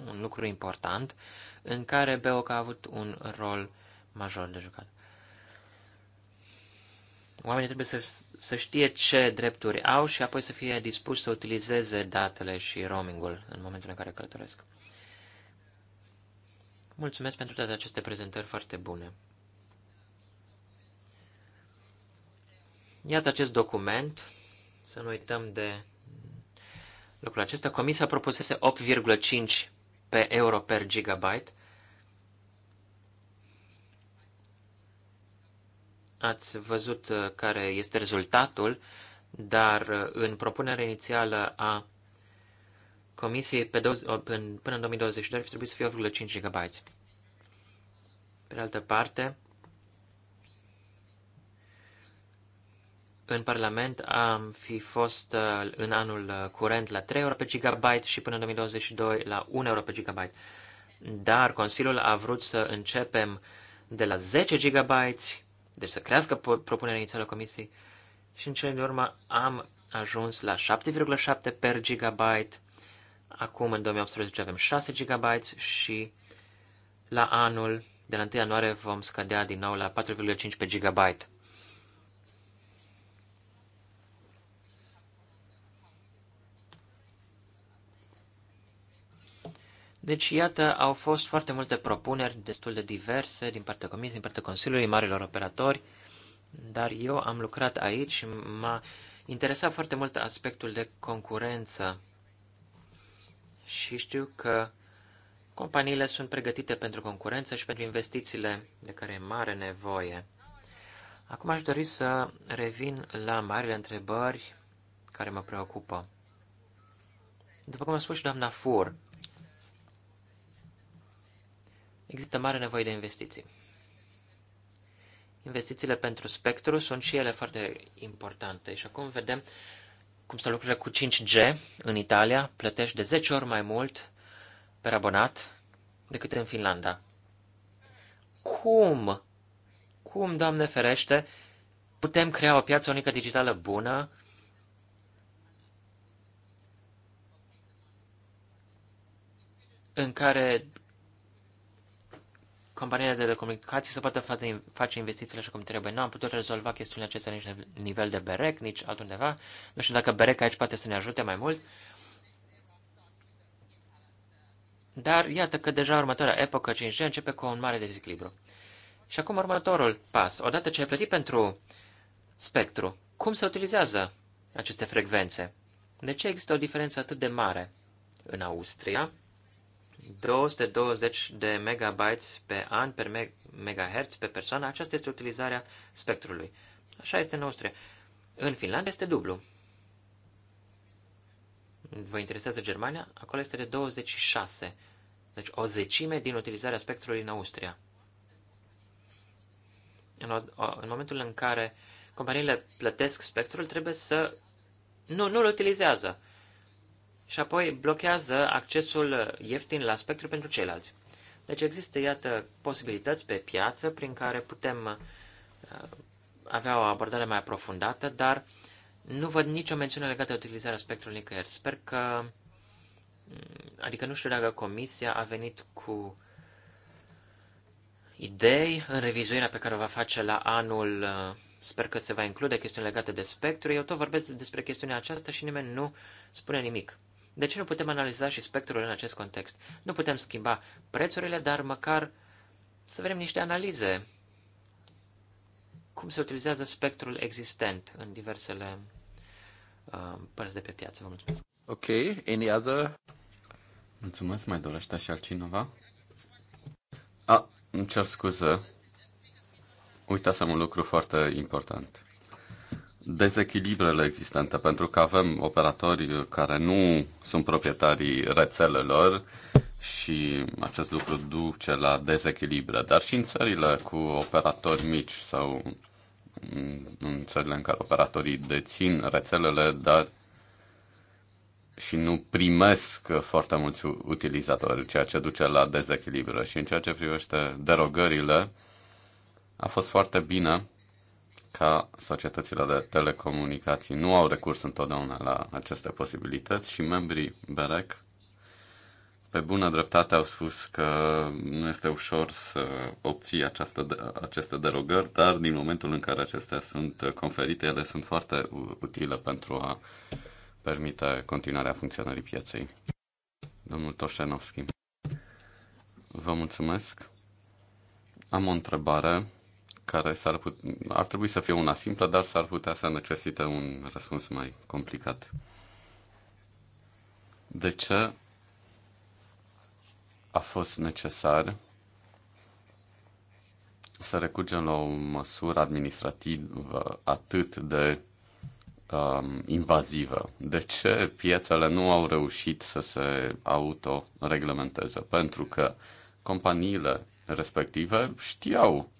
un lucru important în care BEOC a avut un rol major de jucat. Oamenii trebuie să, să știe ce drepturi au și apoi să fie dispuși să utilizeze datele și roamingul în momentul în care călătoresc. Mulțumesc pentru toate aceste prezentări foarte bune. Iată acest document. Să nu uităm de lucrul acesta. Comisia propusese 8,5 pe euro per gigabyte. Ați văzut uh, care este rezultatul, dar uh, în propunerea inițială a Comisiei pe 20, în, până în 2022 ar trebui să fie 8,5 GB. Pe altă parte, în Parlament am fi fost uh, în anul curent la 3 euro pe gigabyte și până în 2022 la 1 euro pe gigabyte. Dar Consiliul a vrut să începem de la 10 gigabyte deci să crească propunerea inițială a Comisiei și în cele din urmă am ajuns la 7,7 per gigabyte, acum în 2018 avem 6 GB și la anul, de la 1 ianuarie, vom scădea din nou la 4,5 pe gigabyte. Deci, iată, au fost foarte multe propuneri destul de diverse din partea Comisiei, din partea Consiliului Marilor Operatori, dar eu am lucrat aici și m-a interesat foarte mult aspectul de concurență. Și știu că companiile sunt pregătite pentru concurență și pentru investițiile de care e mare nevoie. Acum aș dori să revin la marile întrebări care mă preocupă. După cum a spus și doamna Furn, Există mare nevoie de investiții. Investițiile pentru spectru sunt și ele foarte importante și acum vedem cum se lucrurile cu 5G în Italia. Plătești de 10 ori mai mult per abonat decât în Finlanda. Cum? Cum, Doamne ferește, putem crea o piață unică digitală bună în care companiile de telecomunicații să poată face investițiile așa cum trebuie. Nu am putut rezolva chestiunile acestea nici la nivel de BEREC, nici altundeva. Nu știu dacă BEREC aici poate să ne ajute mai mult. Dar iată că deja următoarea epocă 5G începe cu un mare dezechilibru. Și acum următorul pas. Odată ce ai plătit pentru spectru, cum se utilizează aceste frecvențe? De ce există o diferență atât de mare? În Austria, 220 de megabytes pe an, per me megahertz pe persoană, aceasta este utilizarea spectrului. Așa este în Austria. În Finlanda este dublu. Vă interesează Germania? Acolo este de 26. Deci o zecime din utilizarea spectrului în Austria. În, o, în momentul în care companiile plătesc spectrul, trebuie să... Nu, nu-l utilizează și apoi blochează accesul ieftin la spectru pentru ceilalți. Deci există, iată, posibilități pe piață prin care putem uh, avea o abordare mai aprofundată, dar nu văd nicio mențiune legată de utilizarea spectrului nicăieri. Sper că, mm, adică nu știu dacă comisia a venit cu idei în revizuirea pe care o va face la anul, uh, sper că se va include chestiuni legate de spectru. Eu tot vorbesc despre chestiunea aceasta și nimeni nu spune nimic. De ce nu putem analiza și spectrul în acest context? Nu putem schimba prețurile, dar măcar să vedem niște analize. Cum se utilizează spectrul existent în diversele uh, părți de pe piață? Vă mulțumesc. Ok, any other? Mulțumesc, mai dorește și altcineva? A, îmi cer scuză. Uitasem un lucru foarte important dezechilibrele existente, pentru că avem operatori care nu sunt proprietarii rețelelor și acest lucru duce la dezechilibre, dar și în țările cu operatori mici sau în țările în care operatorii dețin rețelele, dar și nu primesc foarte mulți utilizatori, ceea ce duce la dezechilibră. Și în ceea ce privește derogările, a fost foarte bine ca societățile de telecomunicații nu au recurs întotdeauna la aceste posibilități și membrii BEREC pe bună dreptate au spus că nu este ușor să obții această, aceste derogări, dar din momentul în care acestea sunt conferite, ele sunt foarte utile pentru a permite continuarea funcționării pieței. Domnul Toșenovski, vă mulțumesc. Am o întrebare care s-ar put- ar trebui să fie una simplă, dar s-ar putea să necesite un răspuns mai complicat. De ce a fost necesar să recurgem la o măsură administrativă atât de um, invazivă. De ce piețele nu au reușit să se autoreglementeze? Pentru că companiile respective știau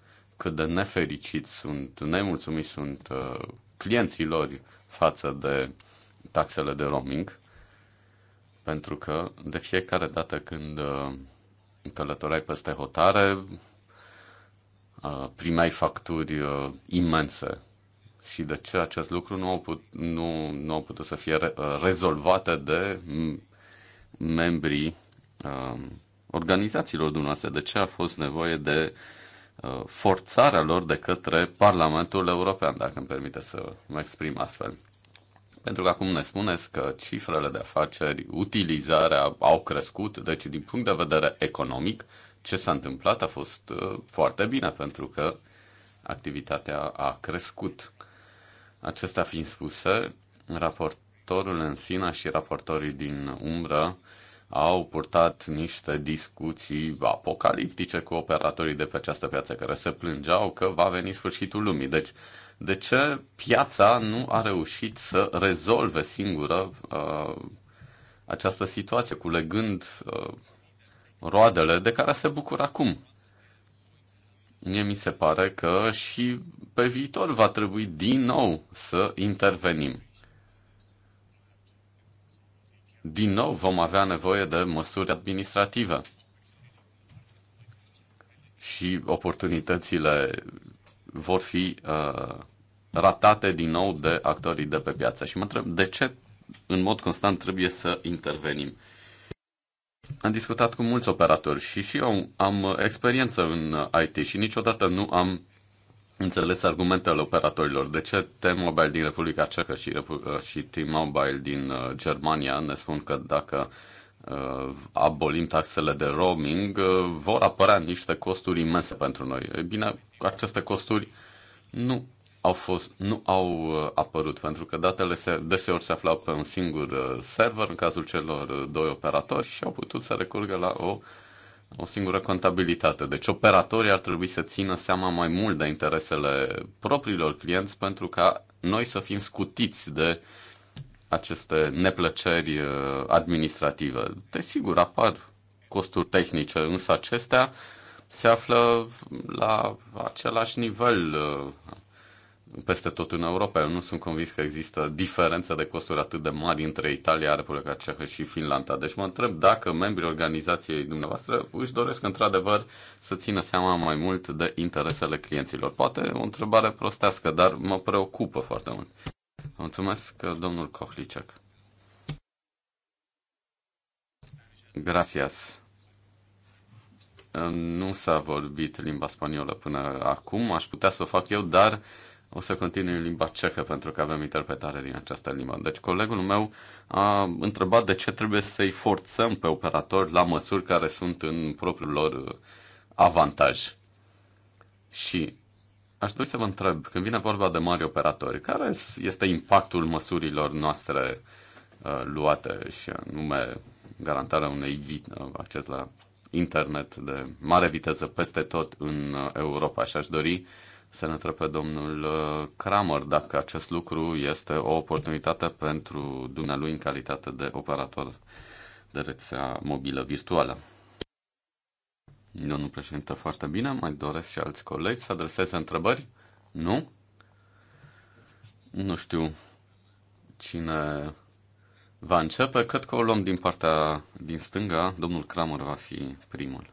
cât de nefericiți sunt, nemulțumiți sunt uh, clienții lor față de taxele de roaming, pentru că de fiecare dată când uh, călătoreai peste hotare, uh, primeai facturi imense și de ce acest lucru nu au, put, nu, nu au putut să fie rezolvate de membrii organizațiilor dumneavoastră, de ce a fost nevoie de Uh, forțarea lor de către Parlamentul European, dacă îmi permite să mă exprim astfel. Pentru că acum ne spuneți că cifrele de afaceri, utilizarea au crescut, deci din punct de vedere economic, ce s-a întâmplat a fost uh, foarte bine, pentru că activitatea a crescut. Acestea fiind spuse, raportorul în sine și raportorii din umbră au purtat niște discuții apocaliptice cu operatorii de pe această piață care se plângeau că va veni sfârșitul lumii. Deci, de ce piața nu a reușit să rezolve singură uh, această situație, culegând uh, roadele de care se bucură acum? Mie mi se pare că și pe viitor va trebui din nou să intervenim din nou vom avea nevoie de măsuri administrative. Și oportunitățile vor fi uh, ratate din nou de actorii de pe piață. Și mă întreb de ce în mod constant trebuie să intervenim. Am discutat cu mulți operatori și și eu am experiență în IT și niciodată nu am înțeles argumentele operatorilor. De ce T-Mobile din Republica Cehă și, Repu- uh, și T-Mobile din uh, Germania ne spun că dacă uh, abolim taxele de roaming, uh, vor apărea niște costuri imense pentru noi. E bine, aceste costuri nu au fost, nu au uh, apărut, pentru că datele se, deseori se aflau pe un singur uh, server, în cazul celor doi operatori, și au putut să recurgă la o uh, o singură contabilitate. Deci operatorii ar trebui să țină seama mai mult de interesele propriilor clienți pentru ca noi să fim scutiți de aceste neplăceri uh, administrative. Desigur, apar costuri tehnice, însă acestea se află la același nivel uh, peste tot în Europa. Eu nu sunt convins că există diferență de costuri atât de mari între Italia, Republica Cehă și Finlanda. Deci mă întreb dacă membrii organizației dumneavoastră își doresc într-adevăr să țină seama mai mult de interesele clienților. Poate o întrebare prostească, dar mă preocupă foarte mult. Mulțumesc, domnul Kohlicek. Gracias. Nu s-a vorbit limba spaniolă până acum, aș putea să o fac eu, dar o să continui în limba cehă pentru că avem interpretare din această limbă. Deci colegul meu a întrebat de ce trebuie să-i forțăm pe operatori la măsuri care sunt în propriul lor uh, avantaj. Și aș dori să vă întreb, când vine vorba de mari operatori, care este impactul măsurilor noastre uh, luate și anume garantarea unei vite, uh, acces la internet de mare viteză peste tot în uh, Europa și aș dori să ne întreb pe domnul uh, Kramer dacă acest lucru este o oportunitate pentru dumnealui în calitate de operator de rețea mobilă virtuală. Domnul președinte, foarte bine. Mai doresc și alți colegi să adreseze întrebări? Nu? Nu știu cine va începe. Cred că o luăm din partea din stânga. Domnul Kramer va fi primul.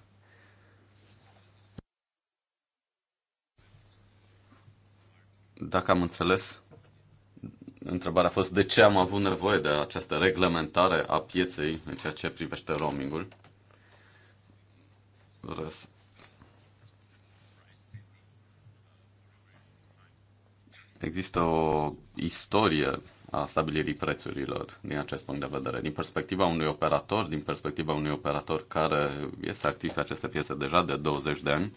Dacă am înțeles, întrebarea a fost de ce am avut nevoie de această reglementare a pieței în ceea ce privește roamingul. Răs. Există o istorie a stabilirii prețurilor din acest punct de vedere. Din perspectiva unui operator, din perspectiva unui operator care este activ pe aceste piețe deja de 20 de ani,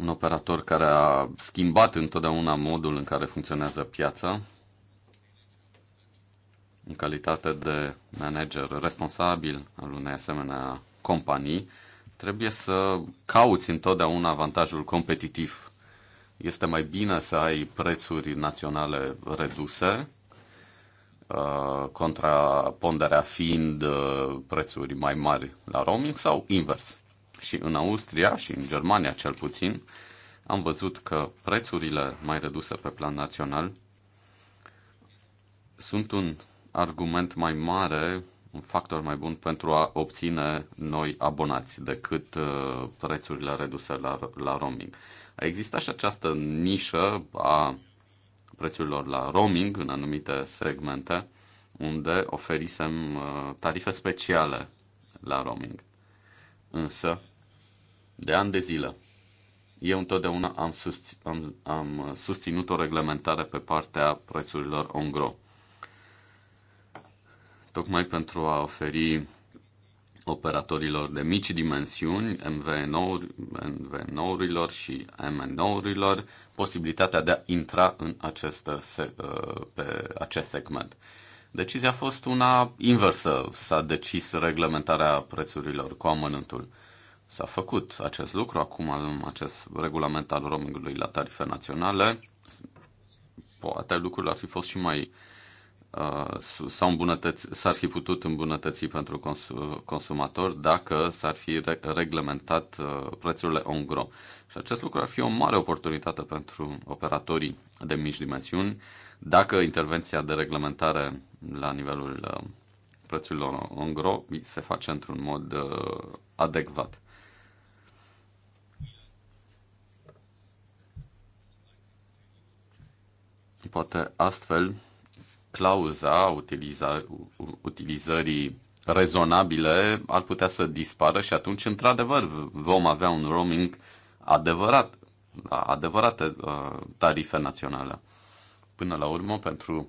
un operator care a schimbat întotdeauna modul în care funcționează piața, în calitate de manager responsabil al unei asemenea companii, trebuie să cauți întotdeauna avantajul competitiv. Este mai bine să ai prețuri naționale reduse, uh, contraponderea fiind uh, prețuri mai mari la roaming sau invers. Și în Austria și în Germania cel puțin am văzut că prețurile mai reduse pe plan național sunt un argument mai mare, un factor mai bun pentru a obține noi abonați decât uh, prețurile reduse la, la roaming. A existat și această nișă a prețurilor la roaming în anumite segmente unde oferisem uh, tarife speciale la roaming. Însă, de ani de zile, eu întotdeauna am, susți- am, am susținut o reglementare pe partea prețurilor ongro. Tocmai pentru a oferi operatorilor de mici dimensiuni, MVNO-urilor și MNO-urilor, posibilitatea de a intra în acest, se- uh, pe acest segment. Decizia a fost una inversă, s-a decis reglementarea prețurilor cu amănântul. S-a făcut acest lucru, acum avem acest regulament al roamingului la tarife naționale. Poate lucrurile ar fi fost și mai uh, au îmbunătăți, s-ar fi putut îmbunătăți pentru cons- consumator dacă s-ar fi re- reglementat uh, prețurile ongro. Și acest lucru ar fi o mare oportunitate pentru operatorii de mici dimensiuni dacă intervenția de reglementare la nivelul uh, prețurilor ongro se face într-un mod uh, adecvat. Poate astfel clauza utiliza, utilizării rezonabile ar putea să dispară și atunci, într-adevăr, vom avea un roaming adevărat, adevărate uh, tarife naționale. Până la urmă, pentru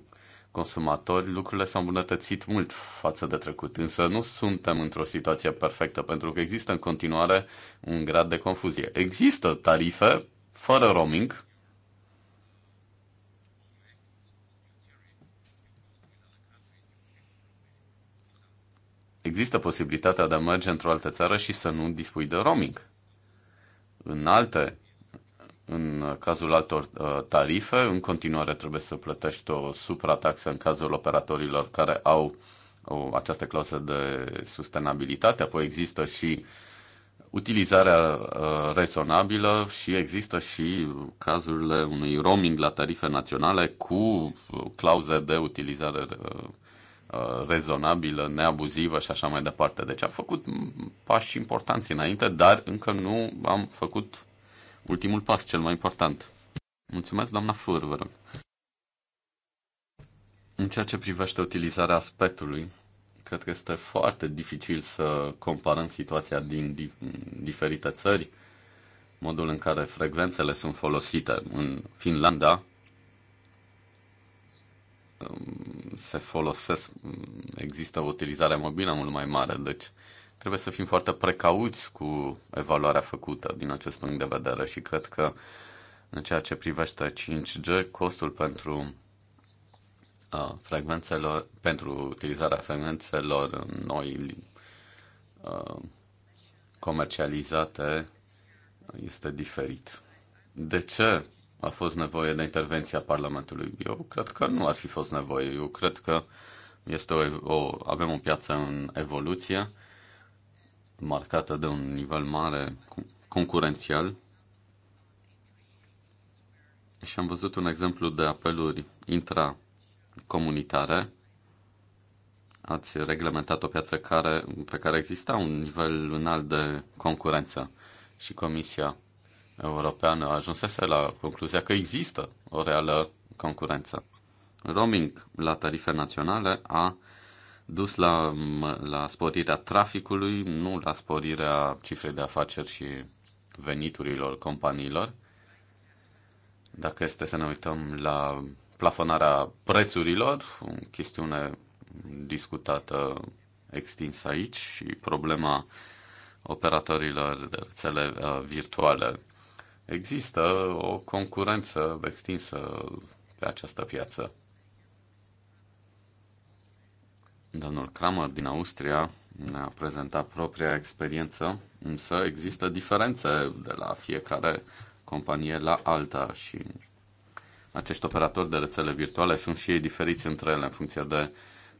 consumatori, lucrurile s-au îmbunătățit mult față de trecut, însă nu suntem într-o situație perfectă, pentru că există în continuare un grad de confuzie. Există tarife fără roaming, există posibilitatea de a merge într-o altă țară și să nu dispui de roaming. În alte, în cazul altor uh, tarife, în continuare trebuie să plătești o suprataxă în cazul operatorilor care au o, această clauză de sustenabilitate, apoi există și utilizarea uh, rezonabilă și există și cazurile unui roaming la tarife naționale cu clauze de utilizare uh, Uh, rezonabilă, neabuzivă și așa mai departe. Deci am făcut pași importanți înainte, dar încă nu am făcut ultimul pas, cel mai important. Mulțumesc, doamna Fur, În ceea ce privește utilizarea aspectului, cred că este foarte dificil să comparăm situația din diferite țări, modul în care frecvențele sunt folosite. În Finlanda, Um, se folosesc, um, există o utilizare mobilă mult mai mare, deci trebuie să fim foarte precauți cu evaluarea făcută din acest punct de vedere și cred că în ceea ce privește 5G, costul pentru uh, frecvențelor, pentru utilizarea frecvențelor noi uh, comercializate este diferit. De ce a fost nevoie de intervenția Parlamentului. Eu cred că nu ar fi fost nevoie. Eu cred că este o, o, avem o piață în evoluție, marcată de un nivel mare concurențial. Și am văzut un exemplu de apeluri intracomunitare. Ați reglementat o piață care, pe care exista un nivel înalt de concurență și Comisia Europeană ajunsese la concluzia că există o reală concurență. Roaming la tarife naționale a dus la, la sporirea traficului, nu la sporirea cifrei de afaceri și veniturilor companiilor. Dacă este să ne uităm la plafonarea prețurilor, o chestiune discutată extins aici și problema operatorilor de rețele uh, virtuale Există o concurență extinsă pe această piață. Domnul Kramer din Austria ne-a prezentat propria experiență, însă există diferențe de la fiecare companie la alta și acești operatori de rețele virtuale sunt și ei diferiți între ele în funcție de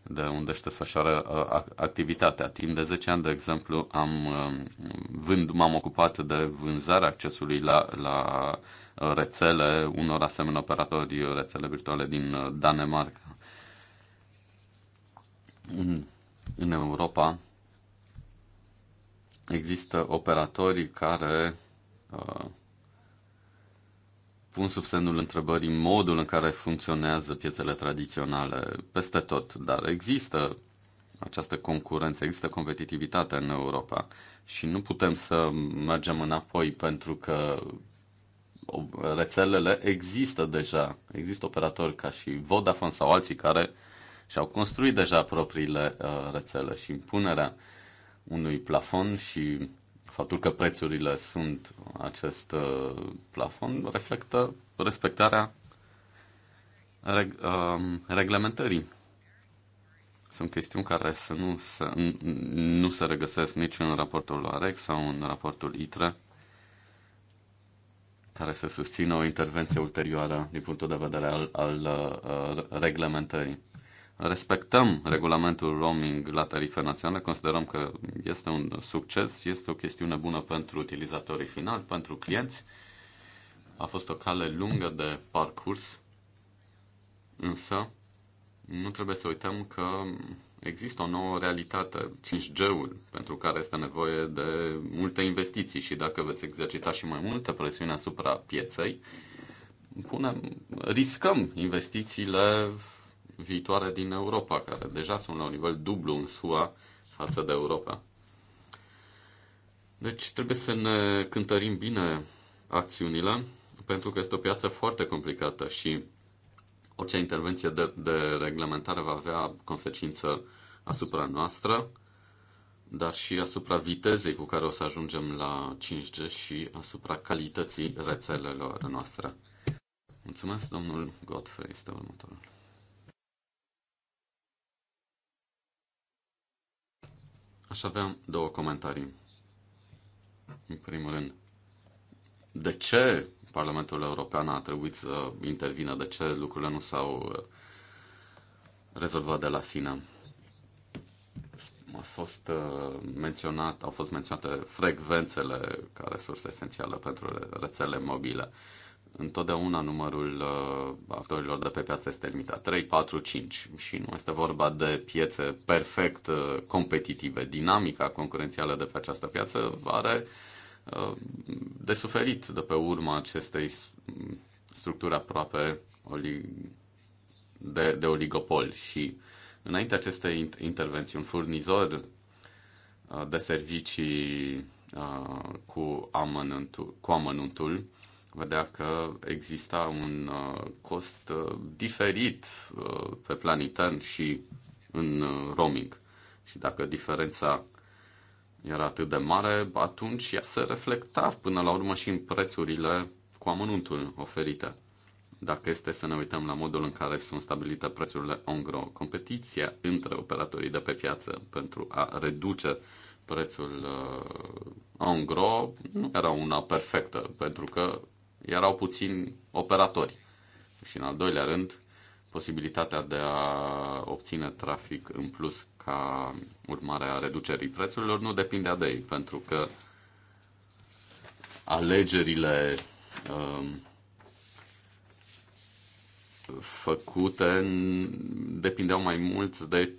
de unde își desfășoară uh, activitatea. Timp de 10 ani, de exemplu, am um, vând, m-am ocupat de vânzarea accesului la, la uh, rețele unor asemenea operatori rețele virtuale din uh, Danemarca. În, în Europa există operatori care uh, pun sub semnul întrebării modul în care funcționează piețele tradiționale peste tot, dar există această concurență, există competitivitate în Europa și nu putem să mergem înapoi pentru că rețelele există deja. Există operatori ca și Vodafone sau alții care și-au construit deja propriile uh, rețele și impunerea unui plafon și faptul că prețurile sunt acest uh, plafon reflectă respectarea reg, um, reglementării. Sunt chestiuni care să nu, să nu se regăsesc nici în raportul OREC sau în raportul ITRE, care să susțină o intervenție ulterioară din punctul de vedere al, al uh, reglementării respectăm regulamentul roaming la tarife naționale, considerăm că este un succes, este o chestiune bună pentru utilizatorii finali, pentru clienți. A fost o cale lungă de parcurs, însă nu trebuie să uităm că există o nouă realitate, 5G-ul, pentru care este nevoie de multe investiții și dacă veți exercita și mai multă presiune asupra pieței, punem, riscăm investițiile viitoare din Europa, care deja sunt la un nivel dublu în SUA față de Europa. Deci trebuie să ne cântărim bine acțiunile, pentru că este o piață foarte complicată și orice intervenție de, de reglementare va avea consecință asupra noastră, dar și asupra vitezei cu care o să ajungem la 5G și asupra calității rețelelor noastre. Mulțumesc, domnul Godfrey, este următorul. Aș avea două comentarii. În primul rând, de ce Parlamentul European a trebuit să intervină? De ce lucrurile nu s-au uh, rezolvat de la sine? A fost uh, menționat, au fost menționate frecvențele ca resurse esențială pentru rețele mobile întotdeauna numărul uh, actorilor de pe piață este limitat. 3, 4, 5 și nu este vorba de piețe perfect uh, competitive. Dinamica concurențială de pe această piață are uh, de suferit de pe urma acestei structuri aproape de, de oligopol și înainte acestei intervenții un furnizor de servicii cu amănuntul, cu amănuntul vedea că exista un uh, cost uh, diferit uh, pe plan intern și în roaming. Și dacă diferența era atât de mare, atunci ea se reflecta până la urmă și în prețurile cu amănuntul oferite. Dacă este să ne uităm la modul în care sunt stabilite prețurile ongro, competiția între operatorii de pe piață pentru a reduce prețul ongro nu era una perfectă, pentru că erau puțini operatori. Și în al doilea rând, posibilitatea de a obține trafic în plus ca urmare a reducerii prețurilor nu depindea de ei, pentru că alegerile um, făcute depindeau mai mult de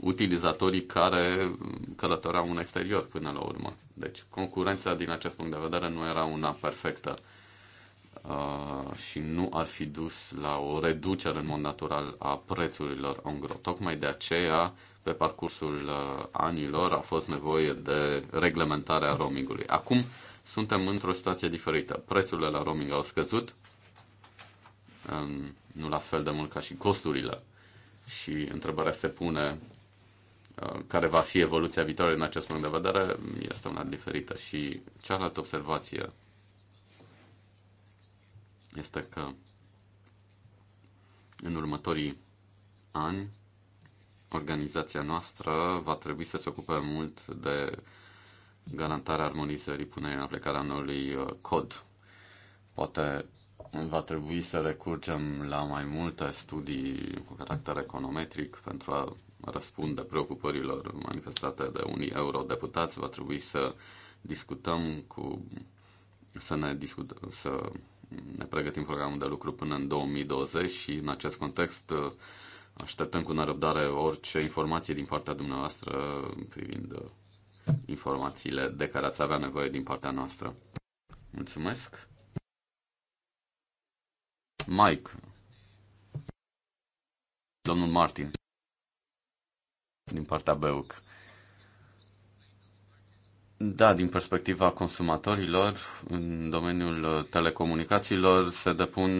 utilizatorii care călătoreau în exterior până la urmă. Deci concurența din acest punct de vedere nu era una perfectă. Uh, și nu ar fi dus la o reducere în mod natural a prețurilor gro. Tocmai de aceea, pe parcursul uh, anilor, a fost nevoie de reglementarea roamingului. Acum suntem într-o situație diferită. Prețurile la roaming au scăzut, um, nu la fel de mult ca și costurile. Și întrebarea se pune uh, care va fi evoluția viitoare în acest punct de vedere este una diferită. Și cealaltă observație este că în următorii ani organizația noastră va trebui să se ocupe mult de garantarea armonizării punerii în aplicare a noului uh, cod. Poate va trebui să recurgem la mai multe studii cu caracter econometric pentru a răspunde preocupărilor manifestate de unii eurodeputați. Va trebui să discutăm cu să ne discutăm, să ne pregătim programul de lucru până în 2020 și în acest context uh, așteptăm cu nerăbdare orice informație din partea dumneavoastră privind uh, informațiile de care ați avea nevoie din partea noastră. Mulțumesc! Mike. Domnul Martin. Din partea Beuc. Da, din perspectiva consumatorilor, în domeniul uh, telecomunicațiilor se depun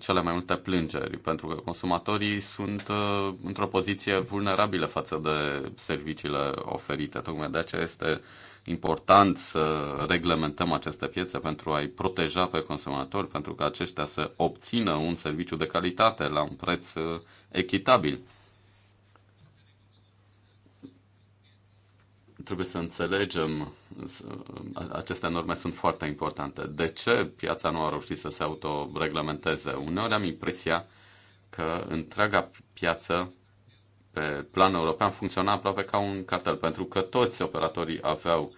cele mai multe plângeri, pentru că consumatorii sunt uh, într-o poziție vulnerabilă față de serviciile oferite. Tocmai de aceea este important să reglementăm aceste piețe pentru a-i proteja pe consumatori, pentru că aceștia să obțină un serviciu de calitate la un preț uh, echitabil. trebuie să înțelegem, aceste norme sunt foarte importante. De ce piața nu a reușit să se autoreglementeze? Uneori am impresia că întreaga piață pe plan european funcționa aproape ca un cartel, pentru că toți operatorii aveau,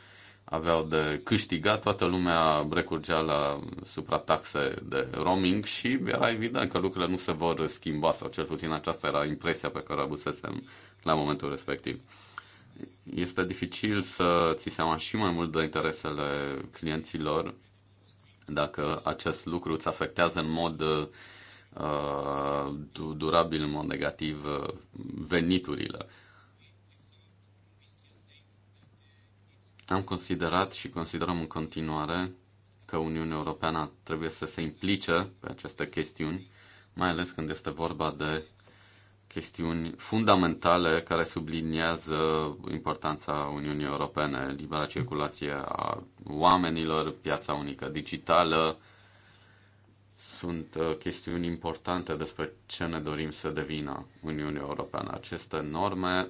aveau de câștigat, toată lumea recurgea la suprataxe de roaming și era evident că lucrurile nu se vor schimba, sau cel puțin aceasta era impresia pe care o abusesem la momentul respectiv este dificil să ți seama și mai mult de interesele clienților dacă acest lucru îți afectează în mod uh, durabil, în mod negativ uh, veniturile. Am considerat și considerăm în continuare că Uniunea Europeană trebuie să se implice pe aceste chestiuni, mai ales când este vorba de chestiuni fundamentale care subliniază importanța Uniunii Europene, libera circulație a oamenilor, piața unică digitală. Sunt uh, chestiuni importante despre ce ne dorim să devină Uniunea Europeană. Aceste norme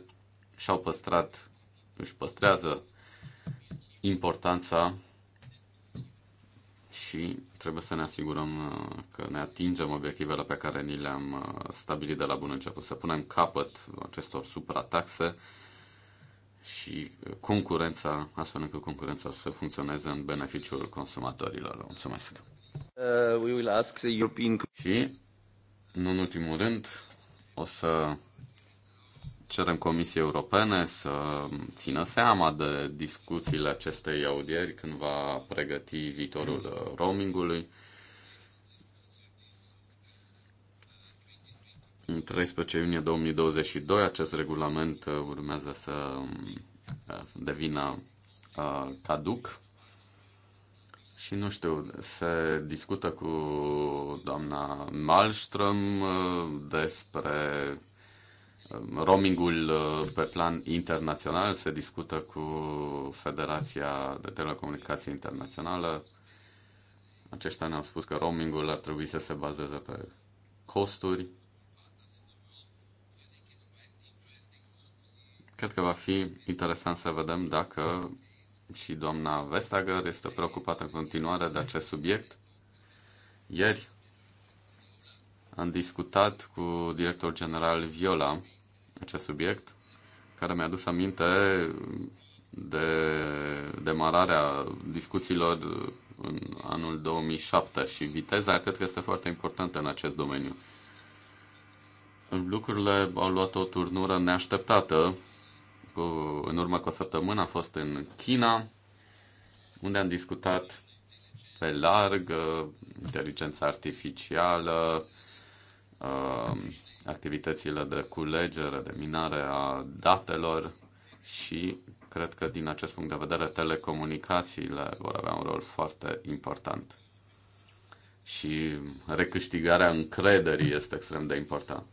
și-au păstrat, își păstrează importanța și trebuie să ne asigurăm uh, că ne atingem obiectivele pe care ni le-am uh, stabilit de la bun început, să punem capăt acestor suprataxe și uh, concurența, astfel încât concurența să funcționeze în beneficiul consumatorilor. Mulțumesc! Uh, we will ask the European... Și, nu în ultimul rând, o să cerem Comisiei Europene să țină seama de discuțiile acestei audieri când va pregăti viitorul uh, roamingului. În 13 iunie 2022 acest regulament uh, urmează să uh, devină caduc și nu știu, se discută cu doamna Malmström despre roamingul uh, pe plan internațional, se discută cu Federația de Telecomunicații Internațională. Aceștia ne-au spus că roamingul ar trebui să se bazeze pe costuri. Cred că va fi interesant să vedem dacă și doamna Vestager este preocupată în continuare de acest subiect. Ieri am discutat cu director general Viola acest subiect, care mi-a dus aminte de demararea discuțiilor în anul 2007 și viteza cred că este foarte importantă în acest domeniu. Lucrurile au luat o turnură neașteptată. Cu, în urmă cu o săptămână am fost în China, unde am discutat pe larg uh, inteligența artificială, Um, activitățile de culegere, de minare a datelor și cred că din acest punct de vedere telecomunicațiile vor avea un rol foarte important. Și recâștigarea încrederii este extrem de important.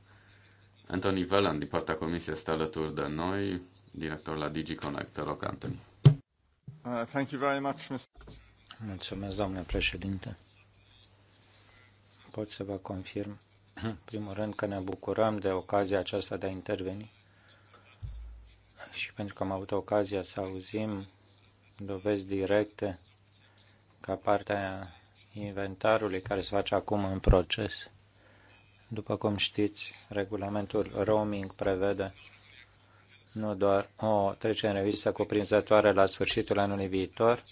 Anthony Velland, din partea comisiei, este alături de noi, director la DigiConnect. Te rog, Anthony. Uh, thank you very much, Mr. Mulțumesc, domnule președinte. Pot să vă confirm în primul rând că ne bucurăm de ocazia aceasta de a interveni și pentru că am avut ocazia să auzim dovezi directe ca partea inventarului care se face acum în proces. După cum știți, regulamentul roaming prevede nu doar o trecere în revistă cuprinzătoare la sfârșitul anului viitor,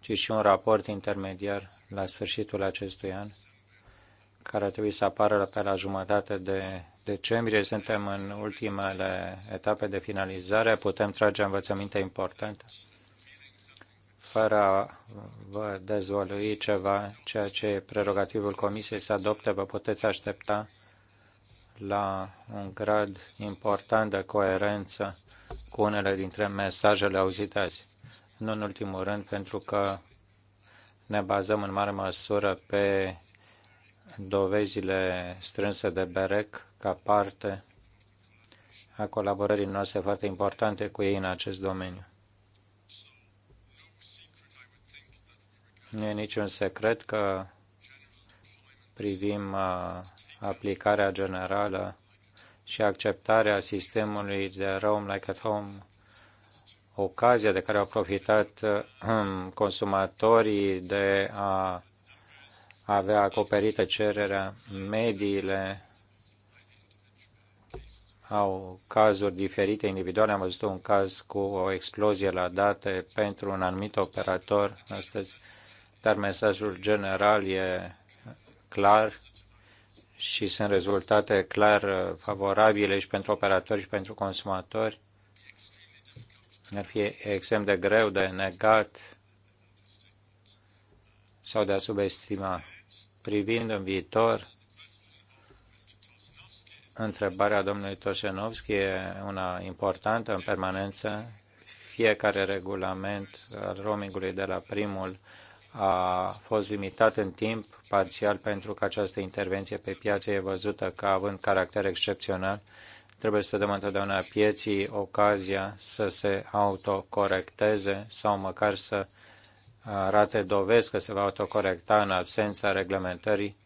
ci și un raport intermediar la sfârșitul acestui an care ar trebui să apară pe la jumătate de decembrie. Suntem în ultimele etape de finalizare. Putem trage învățăminte importante fără a vă dezvolui ceva, ceea ce e prerogativul Comisiei să adopte, vă puteți aștepta la un grad important de coerență cu unele dintre mesajele auzite azi. Nu în ultimul rând, pentru că ne bazăm în mare măsură pe dovezile strânse de BEREC ca parte a colaborării noastre foarte importante cu ei în acest domeniu. Nu e niciun secret că privim uh, aplicarea generală și acceptarea sistemului de Rome Like at Home, ocazia de care au profitat uh, consumatorii de a avea acoperită cererea, mediile au cazuri diferite, individuale. Am văzut un caz cu o explozie la date pentru un anumit operator astăzi, dar mesajul general e clar și sunt rezultate clar favorabile și pentru operatori și pentru consumatori. Ar fi extrem de greu de negat sau de a subestima privind în viitor întrebarea domnului Toșenovski e una importantă în permanență. Fiecare regulament al roamingului de la primul a fost limitat în timp parțial pentru că această intervenție pe piață e văzută ca având caracter excepțional. Trebuie să dăm întotdeauna pieții ocazia să se autocorecteze sau măcar să rate dovezi că se va autocorecta în absența reglementării,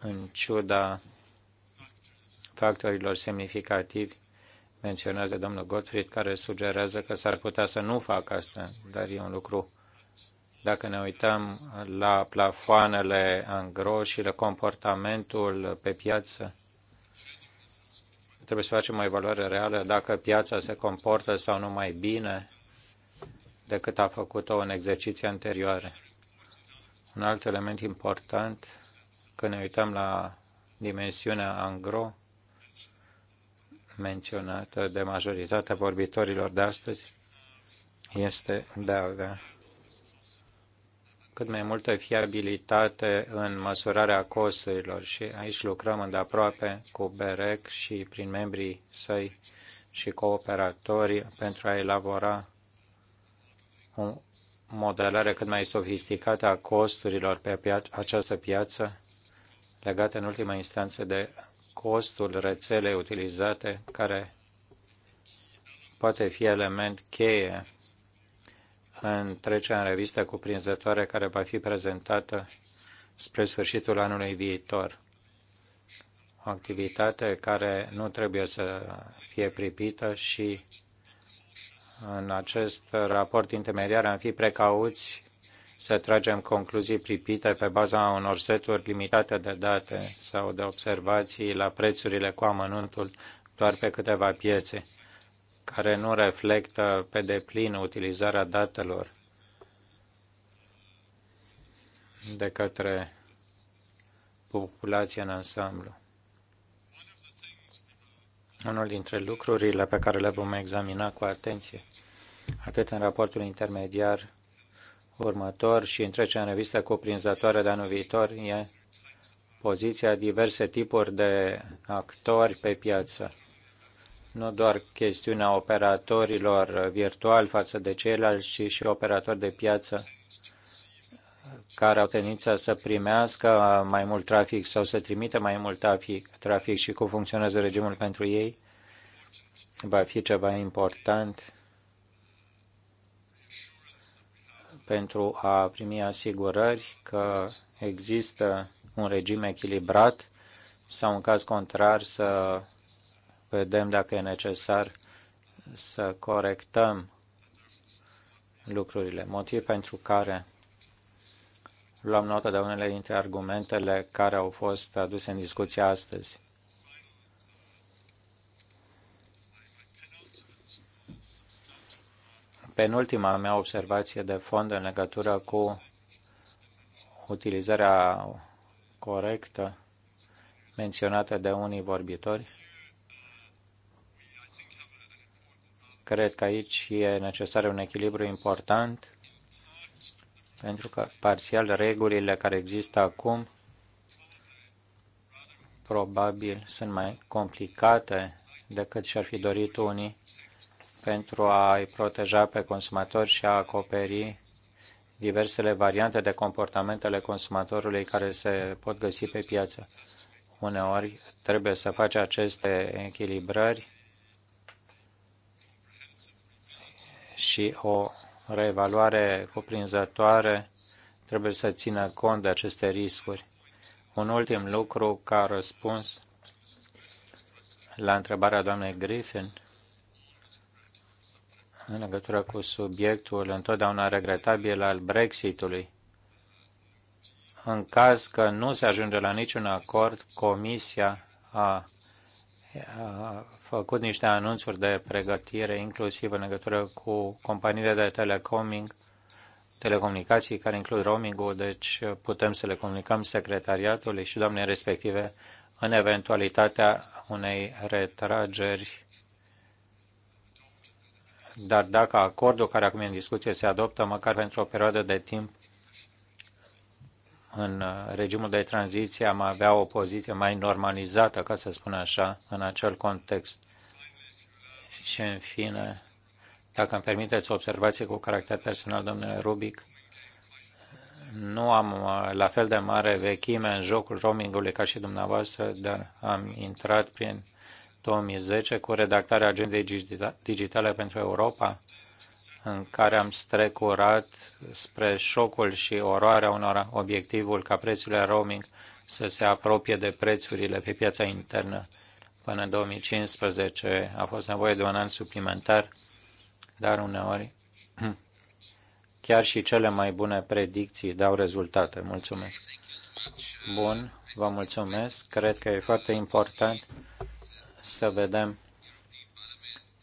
în ciuda factorilor semnificativi menționează domnul Gottfried, care sugerează că s-ar putea să nu facă asta, dar e un lucru. Dacă ne uităm la plafoanele angro și la comportamentul pe piață, trebuie să facem o evaluare reală dacă piața se comportă sau nu mai bine decât a făcut-o în exerciții anterioare. Un alt element important, când ne uităm la dimensiunea angro menționată de majoritatea vorbitorilor de astăzi, este de a avea cât mai multă fiabilitate în măsurarea costurilor și aici lucrăm îndeaproape cu BEREC și prin membrii săi și cooperatorii pentru a elabora o modelare cât mai sofisticată a costurilor pe această piață, legate în ultima instanță de costul rețelei utilizate, care poate fi element cheie în trecerea în revistă cuprinzătoare care va fi prezentată spre sfârșitul anului viitor. O activitate care nu trebuie să fie pripită și în acest raport intermediar am fi precauți să tragem concluzii pripite pe baza unor seturi limitate de date sau de observații la prețurile cu amănuntul doar pe câteva piețe, care nu reflectă pe deplin utilizarea datelor de către populația în ansamblu. Unul dintre lucrurile pe care le vom examina cu atenție, atât în raportul intermediar următor și în trecerea în revistă cuprinzătoare de anul viitor, e poziția diverse tipuri de actori pe piață. Nu doar chestiunea operatorilor virtuali față de ceilalți, ci și operatori de piață care au tendința să primească mai mult trafic sau să trimite mai mult trafic, trafic și cum funcționează regimul pentru ei, va fi ceva important pentru a primi asigurări că există un regim echilibrat sau în caz contrar să vedem dacă e necesar să corectăm lucrurile. Motiv pentru care Luăm notă de unele dintre argumentele care au fost aduse în discuție astăzi. Penultima mea observație de fond în legătură cu utilizarea corectă menționată de unii vorbitori. Cred că aici e necesar un echilibru important pentru că parțial regulile care există acum probabil sunt mai complicate decât și-ar fi dorit unii pentru a-i proteja pe consumatori și a acoperi diversele variante de comportamentele consumatorului care se pot găsi pe piață. Uneori trebuie să faci aceste echilibrări și o reevaluare cuprinzătoare trebuie să țină cont de aceste riscuri. Un ultim lucru ca răspuns la întrebarea doamnei Griffin în legătură cu subiectul întotdeauna regretabil al Brexitului. În caz că nu se ajunge la niciun acord, Comisia a a făcut niște anunțuri de pregătire, inclusiv în legătură cu companiile de telecoming, telecomunicații care includ roaming-ul, deci putem să le comunicăm secretariatului și doamnei respective în eventualitatea unei retrageri. Dar dacă acordul care acum e în discuție se adoptă, măcar pentru o perioadă de timp, în uh, regimul de tranziție am avea o poziție mai normalizată, ca să spun așa, în acel context. Și în fine, dacă îmi permiteți o observație cu caracter personal, domnule Rubic, nu am uh, la fel de mare vechime în jocul roamingului ca și dumneavoastră, dar am intrat prin 2010 cu redactarea agendei digitale pentru Europa în care am strecurat spre șocul și oroarea unora obiectivul ca prețurile roaming să se apropie de prețurile pe piața internă. Până în 2015 a fost nevoie de un an suplimentar, dar uneori chiar și cele mai bune predicții dau rezultate. Mulțumesc! Bun, vă mulțumesc. Cred că e foarte important să vedem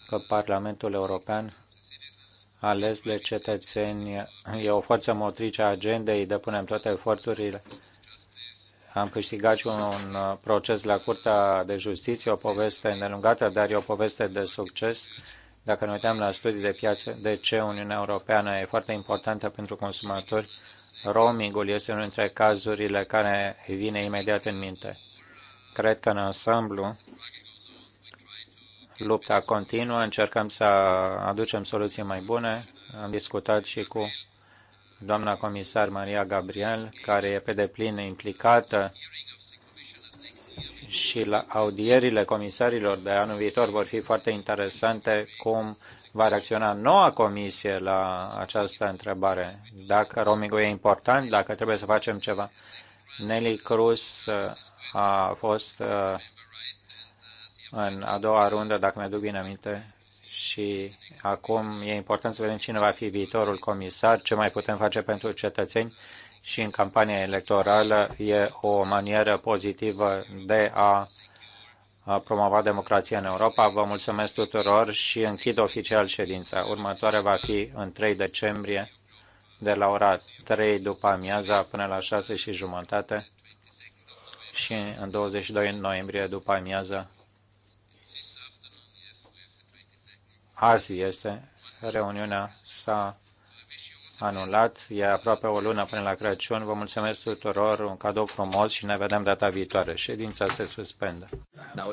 că Parlamentul European ales de cetățeni e o forță motrice a agendei, depunem toate eforturile. Am câștigat și un proces la Curtea de Justiție, o poveste îndelungată, dar e o poveste de succes. Dacă ne uităm la studii de piață, de ce Uniunea Europeană e foarte importantă pentru consumatori, roamingul este unul dintre cazurile care vine imediat în minte. Cred că în ansamblu Lupta continuă, încercăm să aducem soluții mai bune. Am discutat și cu doamna comisar Maria Gabriel, care e pe deplin implicată și la audierile comisarilor de anul viitor vor fi foarte interesante cum va reacționa noua comisie la această întrebare. Dacă roaming e important, dacă trebuie să facem ceva. Nelly Cruz uh, a fost uh, în a doua rundă, dacă mi-aduc bine aminte, și acum e important să vedem cine va fi viitorul comisar, ce mai putem face pentru cetățeni și în campania electorală e o manieră pozitivă de a promova democrația în Europa. Vă mulțumesc tuturor și închid oficial ședința. Următoarea va fi în 3 decembrie de la ora 3 după amiaza până la 6 și jumătate și în 22 noiembrie după amiaza Azi este reuniunea s-a anulat. E aproape o lună până la Crăciun. Vă mulțumesc tuturor, un cadou frumos și ne vedem data viitoare. Ședința se suspendă. Da,